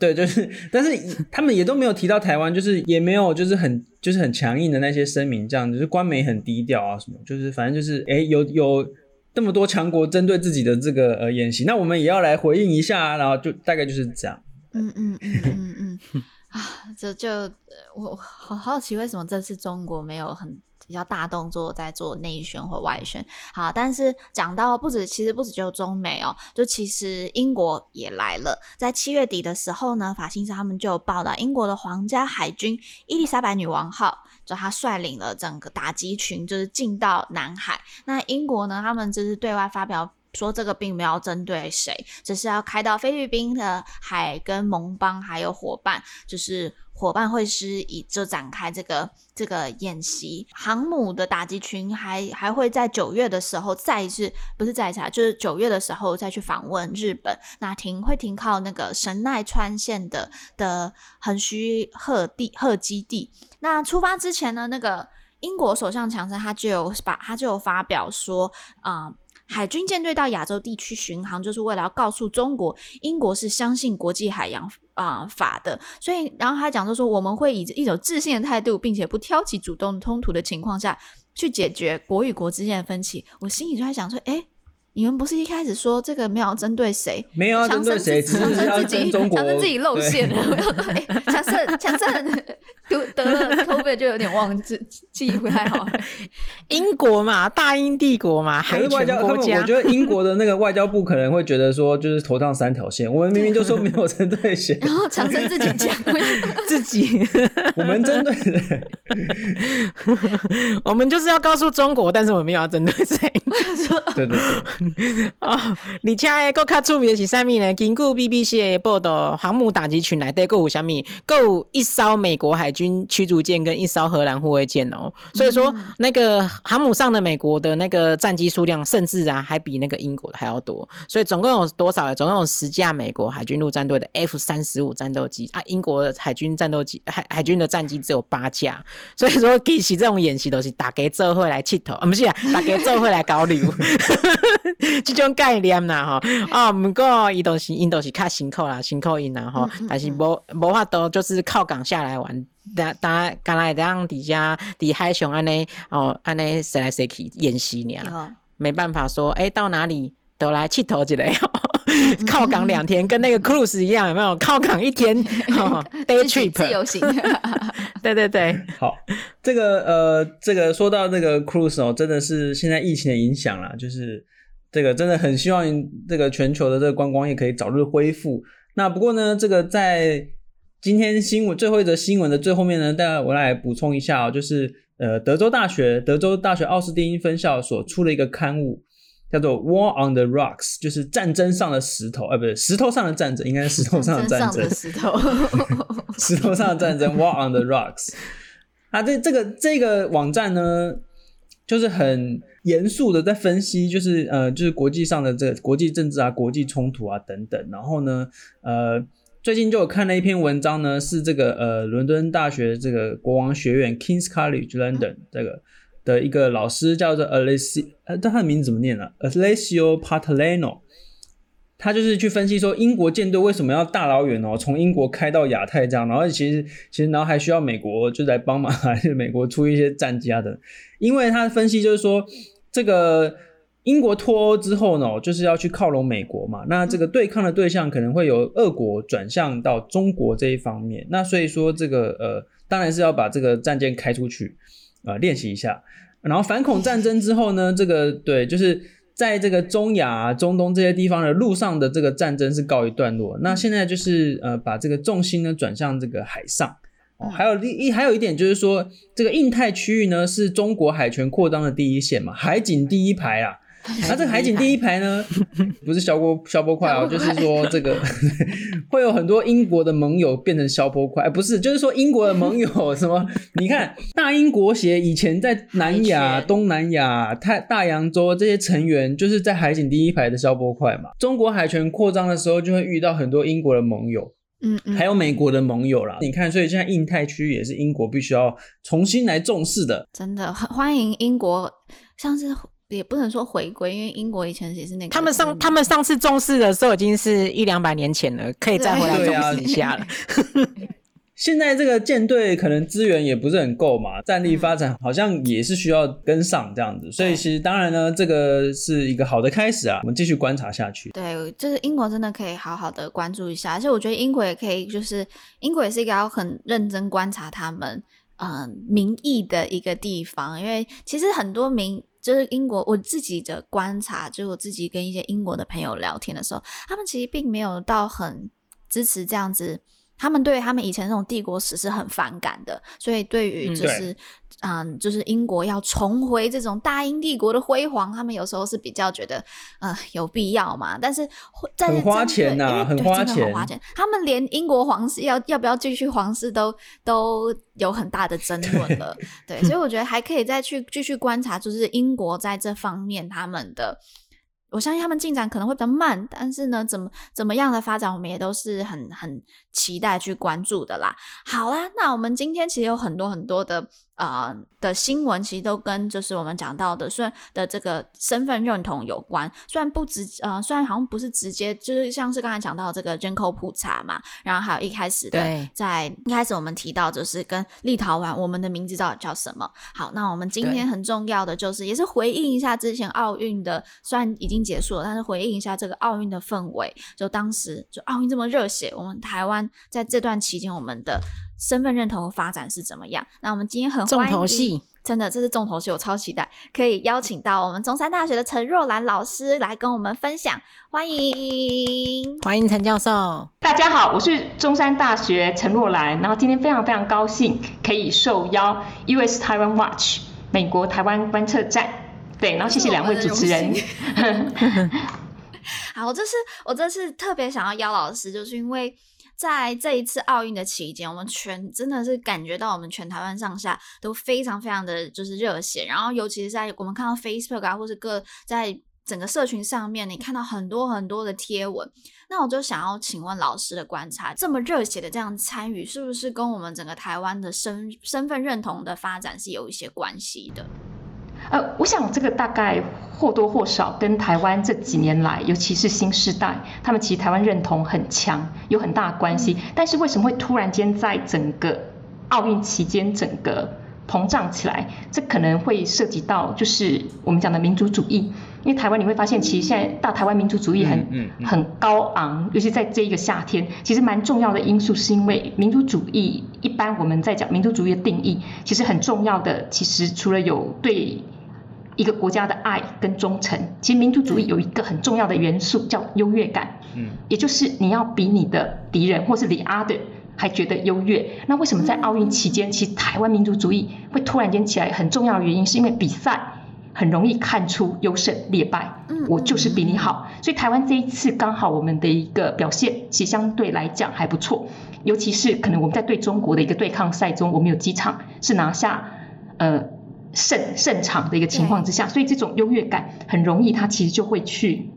對，就是，但是他們也都沒有提到台灣，就是也沒有，就是很，就是很強硬的那些聲明，這樣就是官媒很低調啊，什麼，就是反正就是，哎，有有，有這麼多強國針對自己的這個呃演習，那我們也要來回應一下，啊，然後就大概就是這樣，嗯嗯嗯嗯啊，這 就我好好奇，為什麼這次中國沒有很。比較大動作在做內宣或外宣，好，但是講到不止，其實不止就中美哦，就其實英國也來了。在七月底的時候呢，法新社他們就有報道，英國的皇家海軍伊麗莎白女王號，就他率領了整個打擊群，就是進到南海。那英國呢，他們就是對外發表說，這個並沒有針對誰，只是要開到菲律賓的海跟盟邦還有夥伴，就是。伙伴會師以就展開這個這個演習，航母的打擊群還還會在九月的時候再一次，不是再一次啊，就是九月的時候再去訪問日本，那停會停靠那個神奈川縣的的橫須賀地賀基地。那出發之前呢，那個英國首相強森他就把他就有發表說啊。呃海軍艦隊到亞洲地區巡航，就是為了要告訴中國，英國是相信國際海洋啊、呃、法的。所以，然後他講就說，我們會以一種自信的態度，並且不挑起主動的衝突的情況下，去解決國與國之間的分歧。我心裡就在想說，哎、欸。你們不是一開始說這個沒有針對誰，沒有要針對誰，強盛自己，強盛自己，強盛自己露餡了，強盛強盛，得得了脫北就有點忘記，記憶不太好。英國嘛，大英帝國嘛，還是外交。我覺得英國的那個外交部可能會覺得說，就是頭上三條線。 我們明明就說沒有針對誰， 然後強盛自， 自己，講自己。我們針對的， 我們就是要告訴中國，但是我們沒有要針對誰。 對，對，對對。 哦，而且誒，國較出名的是啥物呢？根據 BBC 的報道，航母打擊群來對，共有啥物？共有一艘美國海軍驅逐艦跟一艘荷蘭護衛艦哦、嗯。所以說，那個航母上的美國的那個戰機數量，甚至啊，還比那個英國的還要多。所以總共有多少呢？總共有十架美國海軍陸戰隊的 F 三十五戰鬥機啊，英國海軍戰鬥機海海軍的戰機只有八架。所以說，其實這種演習都是打給做會來氣頭，啊不是，打給做會來搞禮物。 這種概念啦吼。哦，不過伊都，伊都是較辛苦啦，辛苦一啦吼。嗯嗯、但是無無法都就是靠港下來玩，但當然，當然得讓底下底下熊安尼哦安尼，誰、喔、來誰去演習你啊，沒辦法說，哎、欸，到哪裡都來氣頭之類， 靠港兩天跟那個 cruise 一樣有沒有？靠港一天、喔、 day trip 自由行， 對，對對對，好，這個呃，這個說到那個 cruise 哦、喔，真的是現在疫情的影響啦，就是。這個真的很希望這個全球的這個觀光業可以早日恢復。那不過呢，這個在今天新聞最後一則新聞的最後面呢，大家我來補充一下哦，就是呃，德州大學德州大學奧斯汀分校所出的一個刊物，叫做《War on the Rocks》，就是戰爭上的石頭、嗯、啊，不對，石頭上的戰爭，應該是石頭上的戰爭。 石頭上的石頭， 石頭上的戰爭，War on the Rocks。 啊，這這個這個網站呢？就是很嚴肅的在分析，就是呃，就是國際上的這個國際政治啊、國際衝突啊等等。然後呢，呃，最近就有看了一篇文章呢，是這個呃，倫敦大學這個國王學院 （King's College London）、嗯、這個的一個老師叫做 Alessio 呃，但他的名字怎麼念呢？Alessio Patalano 他就是去分析說，英國艦隊為什麼要大老遠哦，從英國開到亞太這樣，然後其實其實然後還需要美國就來幫忙，還是美國出一些戰艦的，因為他分析就是說，這個英國脫歐之後呢，就是要去靠攏美國嘛，那這個對抗的對象可能會由俄國轉向到中國這一方面，那所以說這個呃，當然是要把這個戰艦開出去啊，呃，練習一下，然後反恐戰爭之後呢，這個對就是。在這個中亞、中東這些地方的陸上的這個戰爭是告一段落，嗯、那現在就是呃，把這個重心呢轉向這個海上，哦、還有另一還有一點就是說，這個印太區域呢是中國海權擴張的第一線嘛，海景第一排啊。那、啊、這個海景第一排呢， 不是消波消波塊啊快，就是說這個會有很多英國的盟友變成消波塊，欸、不是，就是說英國的盟友什麼？ 你看大英國協以前在南亞、東南亞、太大洋洲這些成員，就是在海景第一排的消波塊嘛。中國海權擴張的時候，就會遇到很多英國的盟友，嗯，嗯，還有美國的盟友啦。你看，所以現在印太區也是英國必須要重新來重視的，真的很歡迎英國，像是。也不能說回歸，因為英國以前也是那個。他們上他們上次重視的時候已經是一兩百年前了，可以再回來重視一下了。啊、 現在這個艦隊可能資源也不是很夠嘛，戰力發展好像也是需要跟上這樣子、嗯。所以其實當然呢，這個是一個好的開始啊，我們繼續觀察下去。對，就是英國真的可以好好的關注一下，而且我覺得英國也可以，就是英國也是一個要很認真觀察他們嗯民意的一個地方，因為其實很多民。就是英國，我自己的觀察，就是我自己跟一些英國的朋友聊天的時候，他們其實並沒有到很支持這樣子。他們對他們以前那種帝國史是很反感的，所以對於就是嗯，嗯就是英國要重回這種大英帝國的輝煌，他們有時候是比較覺得呃、嗯、有必要嘛。但是、啊、但是花錢吶，很花錢，很花錢。他們連英國皇室要要不要繼續皇室都都有很大的爭論了，對。對，所以我覺得還可以再去繼續觀察，就是英國在這方面他們的。我相信他們進展可能會比較慢，但是呢，怎麼怎麼樣的發展，我們也都是很很期待去關注的啦。好啦。啊，那我們今天其實有很多很多的。啊、呃、的新聞其實都跟就是我們講到的算的這個身份認同有關，雖然不直、呃、雖然好像不是直接就是像是剛才講到這個人口普查嘛，然後還有一開始的在一開始我們提到就是跟立陶宛我們的名字到底叫什麼？好，那我們今天很重要的就是也是回應一下之前奧運的，雖然已經結束了，但是回應一下這個奧運的氛圍，就當時就奧運這麼熱血，我們台灣在這段期間我們的。身份認同和發展是怎麼樣？那我們今天很歡迎重頭戲，真的這是重頭戲，我超期待可以邀請到我們中山大學的陳若蘭老師來跟我們分享，歡迎歡迎陳教授。大家好，我是中山大學陳若蘭，然後今天非常非常高興可以受邀 US Taiwan Watch 美國台灣觀測站，對，然後謝謝兩位主持人。 好，我這是我這是特別想要邀老師，就是因為。在這一次奧運的期間，我們全真的是感覺到我們全台灣上下都非常非常的就是熱血，然後尤其是在我們看到 Facebook 啊，或者各在整個社群上面，你看到很多很多的貼文，那我就想要請問老師的觀察，這麼熱血的這樣參與，是不是跟我們整個台灣的身身份認同的發展是有一些關係的？呃，我想這個大概或多或少跟台灣這幾年來，尤其是新世代，他們其實台灣認同很強，有很大的關係，嗯。但是為什麼會突然間在整個奧運期間整個膨脹起來？這可能會涉及到就是我們講的民族主義，因為台灣你會發現，其實現在大台灣民族主義很，嗯嗯嗯，很高昂，尤其在這一個夏天，其實蠻重要的因素是因為民族主義一般我們在講民族主義的定義，其實很重要的，其實除了有對一個國家的愛跟忠誠，其實民族主義有一個很重要的元素叫優越感，嗯，也就是你要比你的敵人或是 the other 還覺得優越。那為什麼在奧運期間，其實台灣民族主義會突然間起來？很重要的原因是因為比賽很容易看出優勝劣敗，嗯，我就是比你好。所以台灣這一次剛好我們的一個表現，其實相對來講還不錯，尤其是可能我們在對中國的一個對抗賽中，我們有幾場是拿下，呃。勝勝場的一個情況之下，所以這種優越感很容易，它其實就會去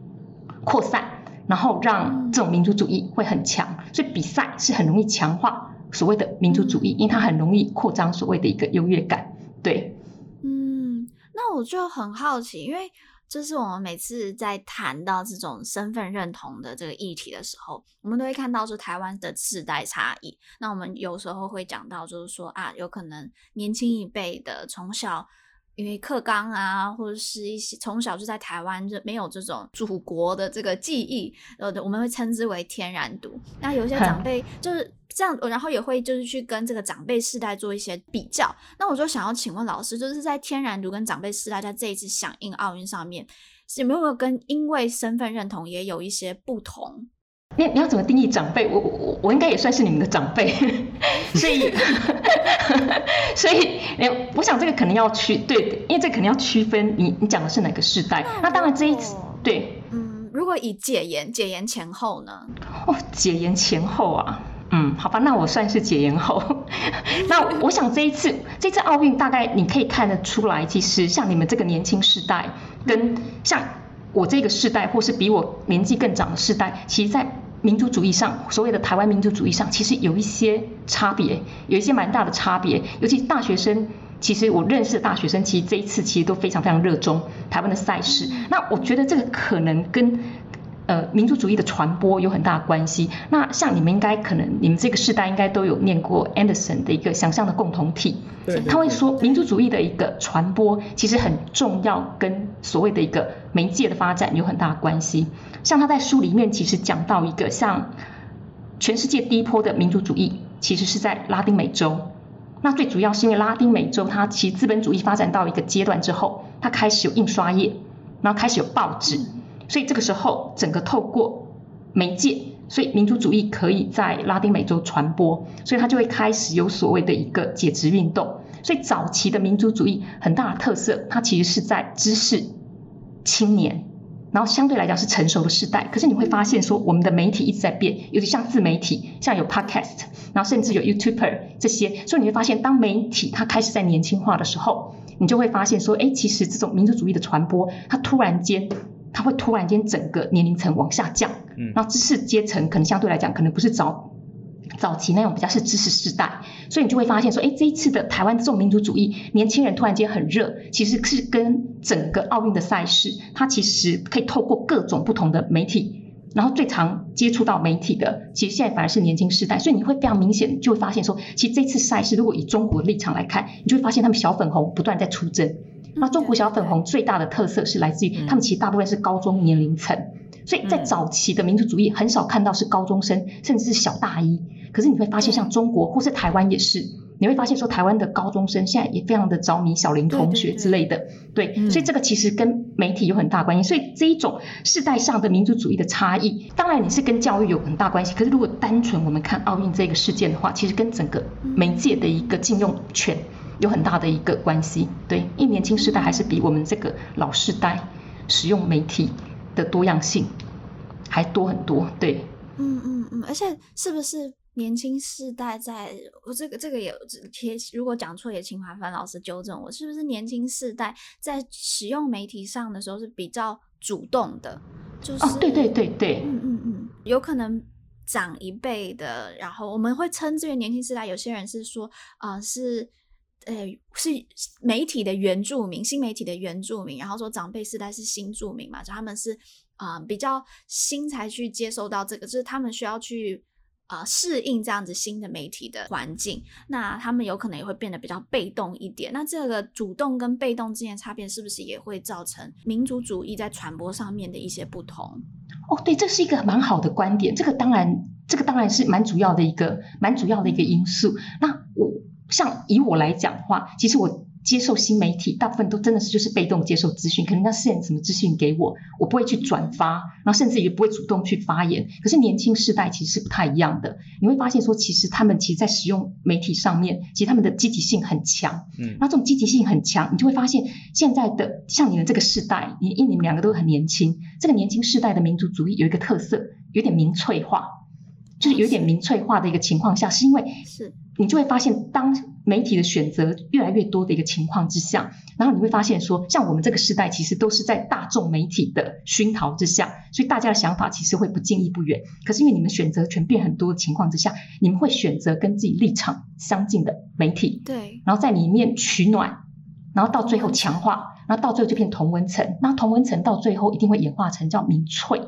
擴散，然後讓這種民族主義會很強，嗯。所以比賽是很容易強化所謂的民族主義，嗯，因為它很容易擴張所謂的一個優越感。對，嗯，那我就很好奇，因為。這是我們每次在談到這種身份認同的這個議題的時候，我們都會看到說台灣的世代差異。那我們有時候會講到，就是說啊，有可能年輕一輩的從小。因為課綱啊，或者是一些從小就在台灣就沒有這種祖國的這個記憶，呃，我們會稱之為天然獨。那有些長輩就是這樣，然後也會就是去跟這個長輩世代做一些比較。那我就想要請問老師，就是在天然獨跟長輩世代在這一次響應奧運上面，是有沒有跟因為身份認同也有一些不同？你你要怎麼定義長輩？我我我應該也算是你們的長輩， 所以 所以，我想這個可能要區對，對，因為這個可能要區分你你講的是哪個世代。那，那當然這一次對，嗯，如果以解嚴解嚴前後呢？哦，解嚴前後啊，嗯，好吧，那我算是解嚴後。 那我想這一次 這次奧運大概你可以看得出來，其實像你們這個年輕世代跟、嗯、像。我這個世代，或是比我年紀更長的世代，其實在民族主義上，所謂的台灣民族主義上，其實有一些差別，有一些蠻大的差別。尤其大學生，其實我認識的大學生，其實這一次其實都非常非常熱衷台灣的賽事。那我覺得這個可能跟。呃，民族主義的傳播有很大關係。那像你們應該可能你們這個世代應該都有念過 Anderson 的一個《想象的共同體》，對對對，他會說民族主義的一個傳播其實很重要，跟所謂的一個媒介的發展有很大關係。像他在書裡面其實講到一個，像全世界第一波的民族主義其實是在拉丁美洲。那最主要是因為拉丁美洲它其實資本主義發展到一個階段之後，它開始有印刷業，然後開始有報紙。嗯。所以這個時候，整個透過媒介，所以民族主義可以在拉丁美洲傳播，所以它就會開始有所謂的一個解殖運動。所以早期的民族主義很大的特色，它其實是在知識青年，然後相對來講是成熟的世代。可是你會發現說我們的媒體一直在變，尤其像自媒體，像有 Podcast，然後甚至有 YouTuber 這些，所以你會發現，當媒體它開始在年輕化的時候，你就會發現說，哎，其實這種民族主義的傳播，它突然間。它會突然間整個年齡層往下降，嗯，然後知識階層可能相對來講可能不是早早期那種比較是知識世代，所以你就會發現說，哎，這一次的台灣這種民族主義年輕人突然間很熱，其實是跟整個奧運的賽事，它其實可以透過各種不同的媒體，然後最常接觸到媒體的，其實現在反而是年輕世代，所以你會非常明顯就會發現說，其實這次賽事如果以中國的立場來看，你就會發現他們小粉紅不斷在出征。嗯、那中國小粉紅最大的特色是來自於他們其實大部分是高中年齡層，嗯，所以在早期的民族主義很少看到是高中生，甚至是小大一。可是你會發現，像中國、嗯、或是台灣也是，你會發現說台灣的高中生現在也非常的着迷小林同學之類的對對對、對，所以這個其實跟媒體有很大關係。所以這一種世代上的民族主義的差異，當然你是跟教育有很大關係。可是如果單純我們看奧運這個事件的話，其實跟整個媒介的一個禁用權有很大的一個關係，對，因為年輕世代還是比我們這個老世代使用媒體的多樣性還多很多，對。嗯嗯嗯，而且是不是年輕世代在我這個這個也貼，如果講錯也請華凡老師糾正我，是不是年輕世代在使用媒體上的時候是比較主動的？就是，哦、對對對對，嗯嗯嗯，有可能長一輩的，然後我們會稱之為年輕世代，有些人是說，嗯、呃、是。呃，是媒體的原住民，新媒體的原住民，然後說長輩世代是新住民嘛，就他們是啊、呃、比較新才去接受到這個，就是他們需要去啊、呃、適應這樣子新的媒體的環境，那他們有可能也會變得比較被動一點。那這個主動跟被動之間的差別，是不是也會造成民族主義在傳播上面的一些不同？哦，對，這是一個蠻好的觀點。這個當然，這個當然是蠻主要的一個，蠻主要的一個因素。那我。像以我來講的話，其實我接受新媒體大部分都真的是就是被動接受資訊，可能他現線什麼資訊給我，我不會去轉發，然後甚至也不會主動去發言。可是年輕世代其實是不太一樣的，你會發現說，其實他們其實在使用媒體上面，其實他們的積極性很強。嗯，那這種積極性很強，你就會發現現在的像你們這個世代，因你，你們兩個都很年輕，這個年輕世代的民族主義有一個特色，有點民粹化。就是有一點民粹化的一個情況下，是因為是你就會發現，當媒體的選擇越來越多的一個情況之下，然後你會發現說，像我們這個時代，其實都是在大眾媒體的熏陶之下，所以大家的想法其實會不近亦不遠。可是因為你們選擇權變很多的情況之下，你們會選擇跟自己立場相近的媒體，對，然後在裡面取暖，然後到最後強化，然後到最後這片同溫層，那同溫層到最後一定會演化成叫民粹。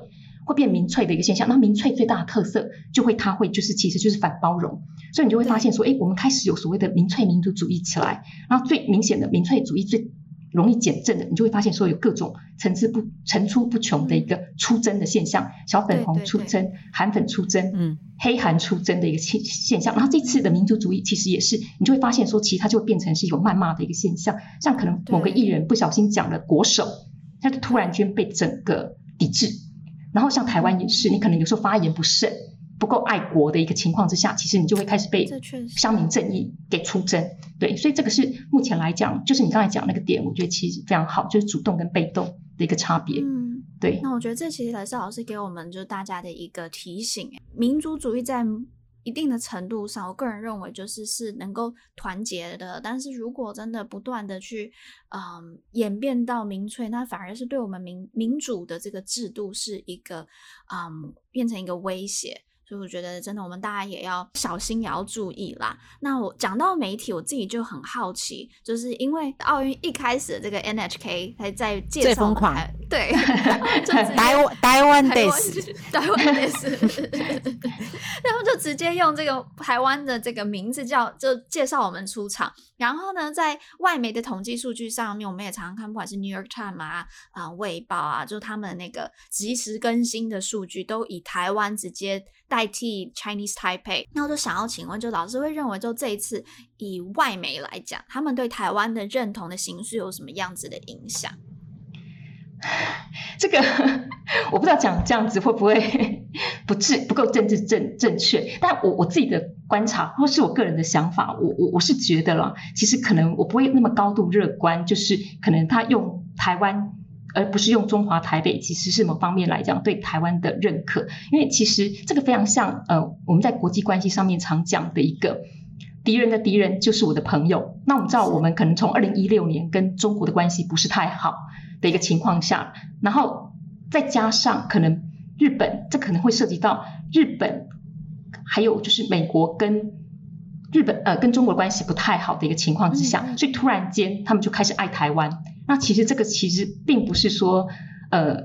會變民粹的一個現象，那民粹最大的特色就會，它會就是其實就是反包容，所以你就會發現說，哎，我們開始有所謂的民粹民族主義起來，然後最明顯的民粹主義最容易減震的，你就會發現說有各種層次不層出不窮的一個出征的現象，嗯、小粉紅出征，韓粉出征，嗯，黑韓出征的一個現現象，然後這次的民族主義其實也是，你就會發現說，其實它就會變成是有謾罵的一個現象，像可能某個藝人不小心講了國手，他就突然間被整個抵制。然後像台灣也是，你可能有時候發言不慎，不夠愛國的一個情況之下，其實你就會開始被鄉民正義給出征。對，所以這個是目前來講，就是你剛才講那個點，我覺得其實非常好，就是主動跟被動的一個差別。嗯、對。那我覺得這其實還是老師給我們就大家的一個提醒，民族主義在。一定的程度上，我個人認為就是是能夠團結的。但是如果真的不斷的去，嗯，演變到民粹，那反而是對我們民，民主的這個制度是一個，嗯，變成一個威脅。所以我覺得真的，我們大家也要小心，也要注意啦。那我講到媒體，我自己就很好奇，就是因為奧運一開始，這個 NHK 還在介紹，最瘋狂，對 就，台灣台灣です台灣です，然後就直接用這個台灣的這個名字叫，就介紹我們出場。然後呢，在外媒的統計數據上面，我們也常常看，不管是《New York Times》啊、啊《衛報》啊，就他們那個即時更新的數據，都以台灣直接代替 Chinese Taipei。那我就想要請問，就老師會認為，就這一次以外媒來講，他們對台灣的認同的形式有什麼樣子的影響？這個我不知道講這樣子會不會不正不夠政治正正確，但我我自己的觀察或是我個人的想法，我我我是覺得啦，其實可能我不會那麼高度樂觀，就是可能他用台灣而不是用中華台北，其實是某方面來講對台灣的認可，因為其實這個非常像呃我們在國際關係上面常講的一個敵人的敵人就是我的朋友，那我們知道我們可能從二零一六年跟中國的關係不是太好。的一個情況下，然後再加上可能日本，這可能會涉及到日本，還有就是美國跟日本呃跟中國關係不太好的一個情況之下，嗯、所以突然間他們就開始愛台灣。嗯、那其實這個其實並不是說呃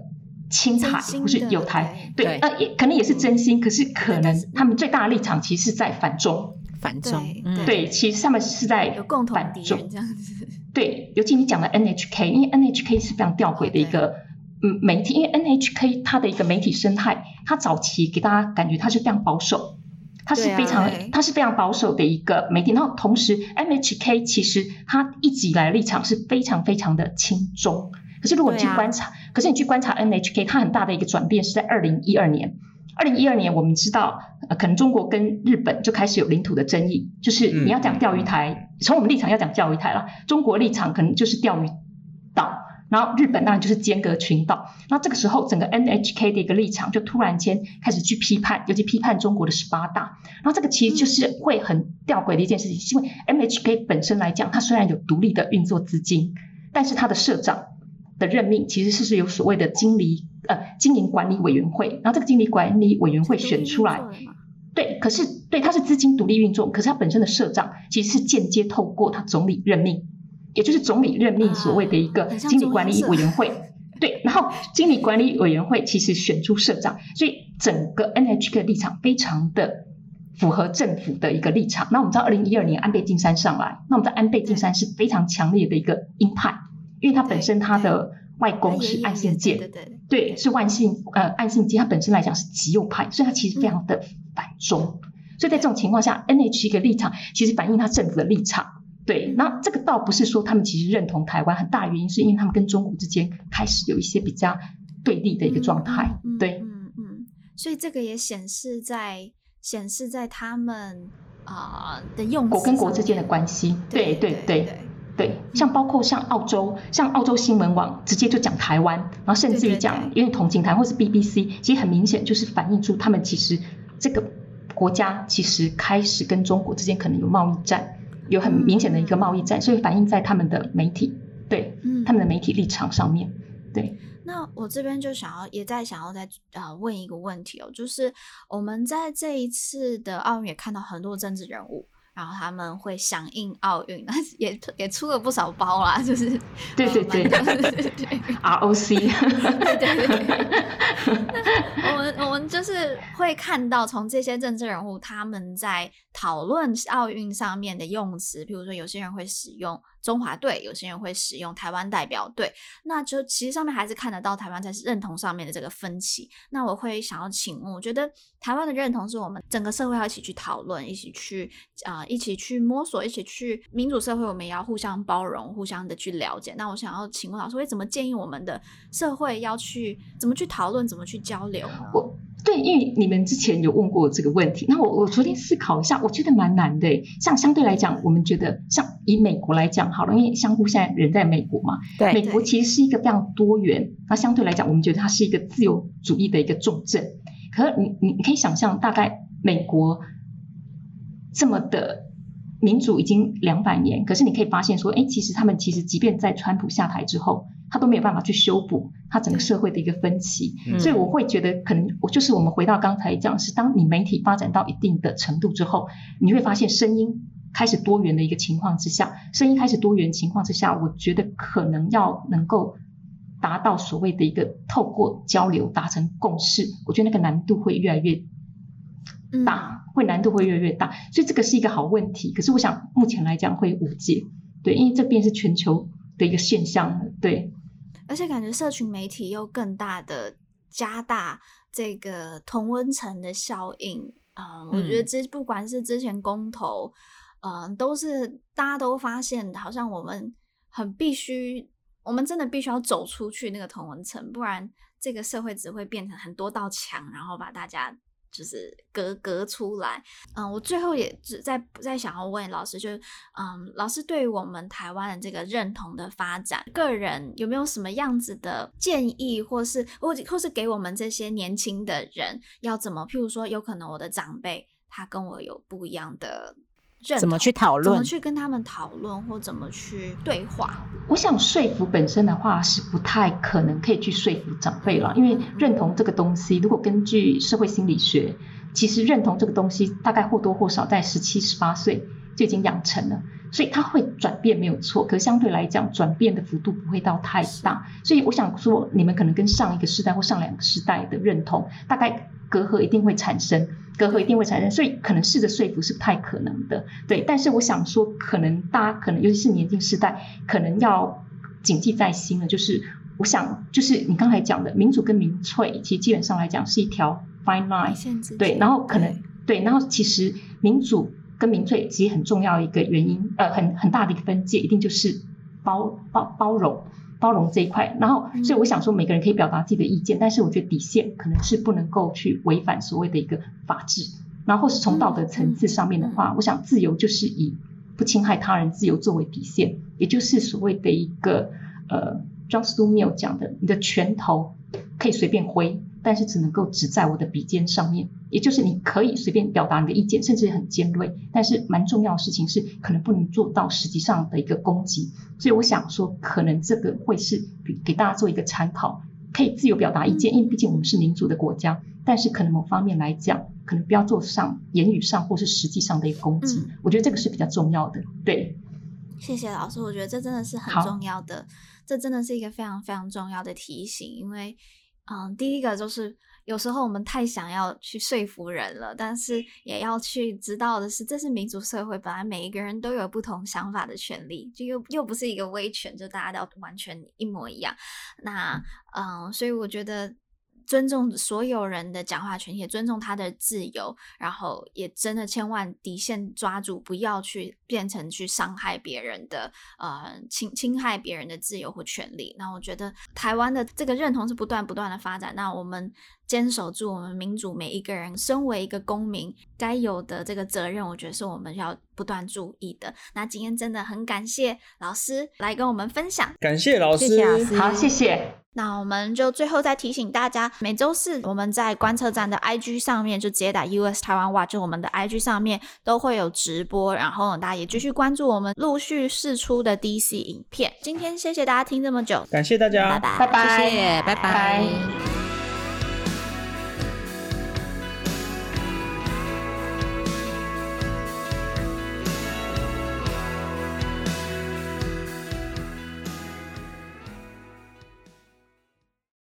親台，不是友台，對，對呃也可能也是真心、嗯，可是可能他們最大的立場其實在反中。反中、嗯，對，其實上面是在反中，有共同敵人這樣子。對，尤其你講的 NHK，因為 NHK 是非常弔詭的一個嗯媒體，因為 NHK，它的一個媒體生態，它早期給大家感覺它是非常保守，它是非常、啊、它是非常保守的一個媒體。然後同時，NHK 其實它一直以來立場是非常非常的親中。可是如果你去觀察、啊，可是你去觀察 NHK，它很大的一個轉變是在二零一二年。二零一二年，我們知道、呃，可能中國跟日本就開始有領土的爭議，就是你要講釣魚台，嗯嗯、從我們立場要講釣魚台了。中國立場可能就是釣魚島，然後日本當然就是尖閣群島。那這個時候，整個 NHK 的一個立場就突然間開始去批判，尤其批判中國的十八大。然後這個其實就是會很吊詭的一件事情，嗯、是因為 NHK 本身來講，它雖然有獨立的運作資金，但是它的社長。的任命其實是是由所謂的經理，呃、經營管理委員會，然後這個經理管理委員會選出來，對，可是對，他是資金獨立運作，可是他本身的社長其實是間接透過他總理任命，也就是總理任命所謂的一個經理管理委員會、啊，對，然後經理管理委員會其實選出社長，所以整個 NHK 的立場非常的符合政府的一個立場。那我們知道二零一二年安倍晉三上來，那我們知道安倍晉三是非常強烈的一個鷹派。因為他本身他的外公是岸信介，對對對，對，對，對，對，是岸信呃岸信介，他本身來講是極右派，所以他其實非常的反中，嗯、所以在這種情況下，N H 一的立場其實反映他政府的立場，對。那、嗯、然後這個倒不是說他們其實認同台灣，很大原因是因為他們跟中國之間開始有一些比較對立的一個狀態，嗯、對。嗯嗯，所以這個也顯示在顯示在他們啊、呃、的用國跟國之間的關係，對、嗯、對對。對對對對，像包括像澳洲，嗯、像澳洲新聞網直接就講台灣，然後甚至於講，因為同情台或是 BBC，對對對，其實很明顯就是反映出他們其實這個國家其實開始跟中國之間可能有貿易戰，有很明顯的一個貿易戰，嗯啊，所以反映在他們的媒體對，嗯，他們的媒體立場上面對。那我這邊就想要，也在想要再呃問一個問題哦，就是我們在這一次的奧運也看到很多政治人物。然後他們會響應奧運，也也出了不少包啦，就是對對對 對對對，ROC， 對,對,對， 我們我們就是會看到從這些政治人物他們在討論奧運上面的用詞，比如說有些人會使用。中華隊，有些人會使用台灣代表隊，那就其實上面還是看得到台灣在認同上面的這個分歧。那我會想要請問，我覺得台灣的認同是我們整個社會要一起去討論，一起去啊、呃，一起去摸索，一起去民主社會，我們也要互相包容，互相的去了解。那我想要請問老師，會怎麼建議我們的社會要去怎麼去討論，怎麼去交流？我對，因為你們之前有問過這個問題，那我我昨天思考一下，我覺得蠻難的、欸。像相對來講，我們覺得像以美國來講。好，因為相互現在人在美國嘛，美國其實是一個非常多元。那相對來講，我們覺得它是一個自由主義的一個重鎮。可是你你可以想象，大概美國這麼的民主已經兩百年，可是你可以發現說，哎，其實他們其實即便在川普下台之後，他都沒有辦法去修補他整個社會的一個分歧。嗯、所以我會覺得，可能我就是我們回到剛才講是，是當你媒體發展到一定的程度之後，你會發現聲音。開始多元的一個情況之下，聲音開始多元的情況之下，我覺得可能要能夠達到所謂的一個透過交流達成共識，我覺得那個難度會越來越大，嗯、會難度會越來越大。所以這個是一個好問題，可是我想目前來講會無解，對，因為這邊是全球的一個現象，對。而且感覺社群媒體又更大的加大這個同溫層的效應啊、嗯嗯，我覺得之不管是之前公投。嗯，都是大家都發現，好像我們很必須，我們真的必須要走出去那個同溫層，不然這個社會只會變成很多道牆，然後把大家就是隔隔出來。嗯，我最後也只在不再想要問老師，就是、嗯，老師對於我們台灣的這個認同的發展，個人有沒有什麼樣子的建議，或是或或是給我們這些年輕的人要怎麼？譬如說，有可能我的長輩他跟我有不一樣的。怎麼去討論？怎麼去跟他們討論，或怎麼去對話？我想說服本身的話是不太可能可以去說服長輩了，因為認同這個東西，如果根據社會心理學，其實認同這個東西大概或多或少在十七、十八歲就已經養成了，所以他會轉變沒有錯，可相對來講轉變的幅度不會到太大，所以我想說，你們可能跟上一個時代或上兩個時代的認同，大概隔閡一定會產生。隔閡一定會產生，所以可能試着說服是不太可能的，對。但是我想說，可能大家可能，尤其是年輕世代，可能要謹記在心的，就是我想，就是你剛才講的民主跟民粹，其實基本上來講是一條 fine line，對。然後可能對，然後其實民主跟民粹其實很重要的一個原因，呃，很很大的一個分界，一定就是包包包容，包容這一塊，然後，所以我想說，每個人可以表達自己的意見、嗯，但是我覺得底線可能是不能夠去違反所謂的一個法治。然後是從道德層次上面的話、嗯，我想自由就是以不侵害他人自由作為底線，也就是所謂的一個呃 John Stuart Mill 講的，你的拳頭可以隨便揮。但是只能夠指在我的鼻尖上面，也就是你可以隨便表達你的意見，甚至很尖銳。但是蠻重要的事情是，可能不能做到實際上的一個攻擊。所以我想說，可能這個會是給大家做一個參考，可以自由表達意見，嗯、因為畢竟我們是民主的國家。但是可能某方面來講，可能不要做上言語上或是實際上的一個攻擊、嗯。我覺得這個是比較重要的。對，謝謝老師，我覺得這真的是很重要的，這真的是一個非常非常重要的提醒，因為。嗯，第一個就是有時候我們太想要去說服人了，但是也要去知道的是，這是民主社會，本來每一個人都有不同想法的權利，就又又不是一個威權，就大家都要完全一模一樣。那嗯，所以我覺得。尊重所有人的講話權，也尊重他的自由，然後也真的千萬底線抓住，不要去變成去傷害別人的，呃，侵侵害別人的自由或權利。那我覺得台灣的這個認同是不斷不斷的發展。那我們。堅守住我們民主，每一個人身為一個公民該有的這個責任，我覺得是我們要不斷注意的。那今天真的很感謝老師來跟我們分享，感謝老師，謝謝老師，好，謝謝。那我們就最後再提醒大家，每周四我們在觀測站的 IG 上面就直接打 US 台灣 Watch，就我們的 IG 上面都會有直播，然後大家也繼續關注我們陸續釋出的 DC 影片。今天謝謝大家聽這麼久，感謝大家，拜拜，拜拜謝謝，拜拜。拜拜。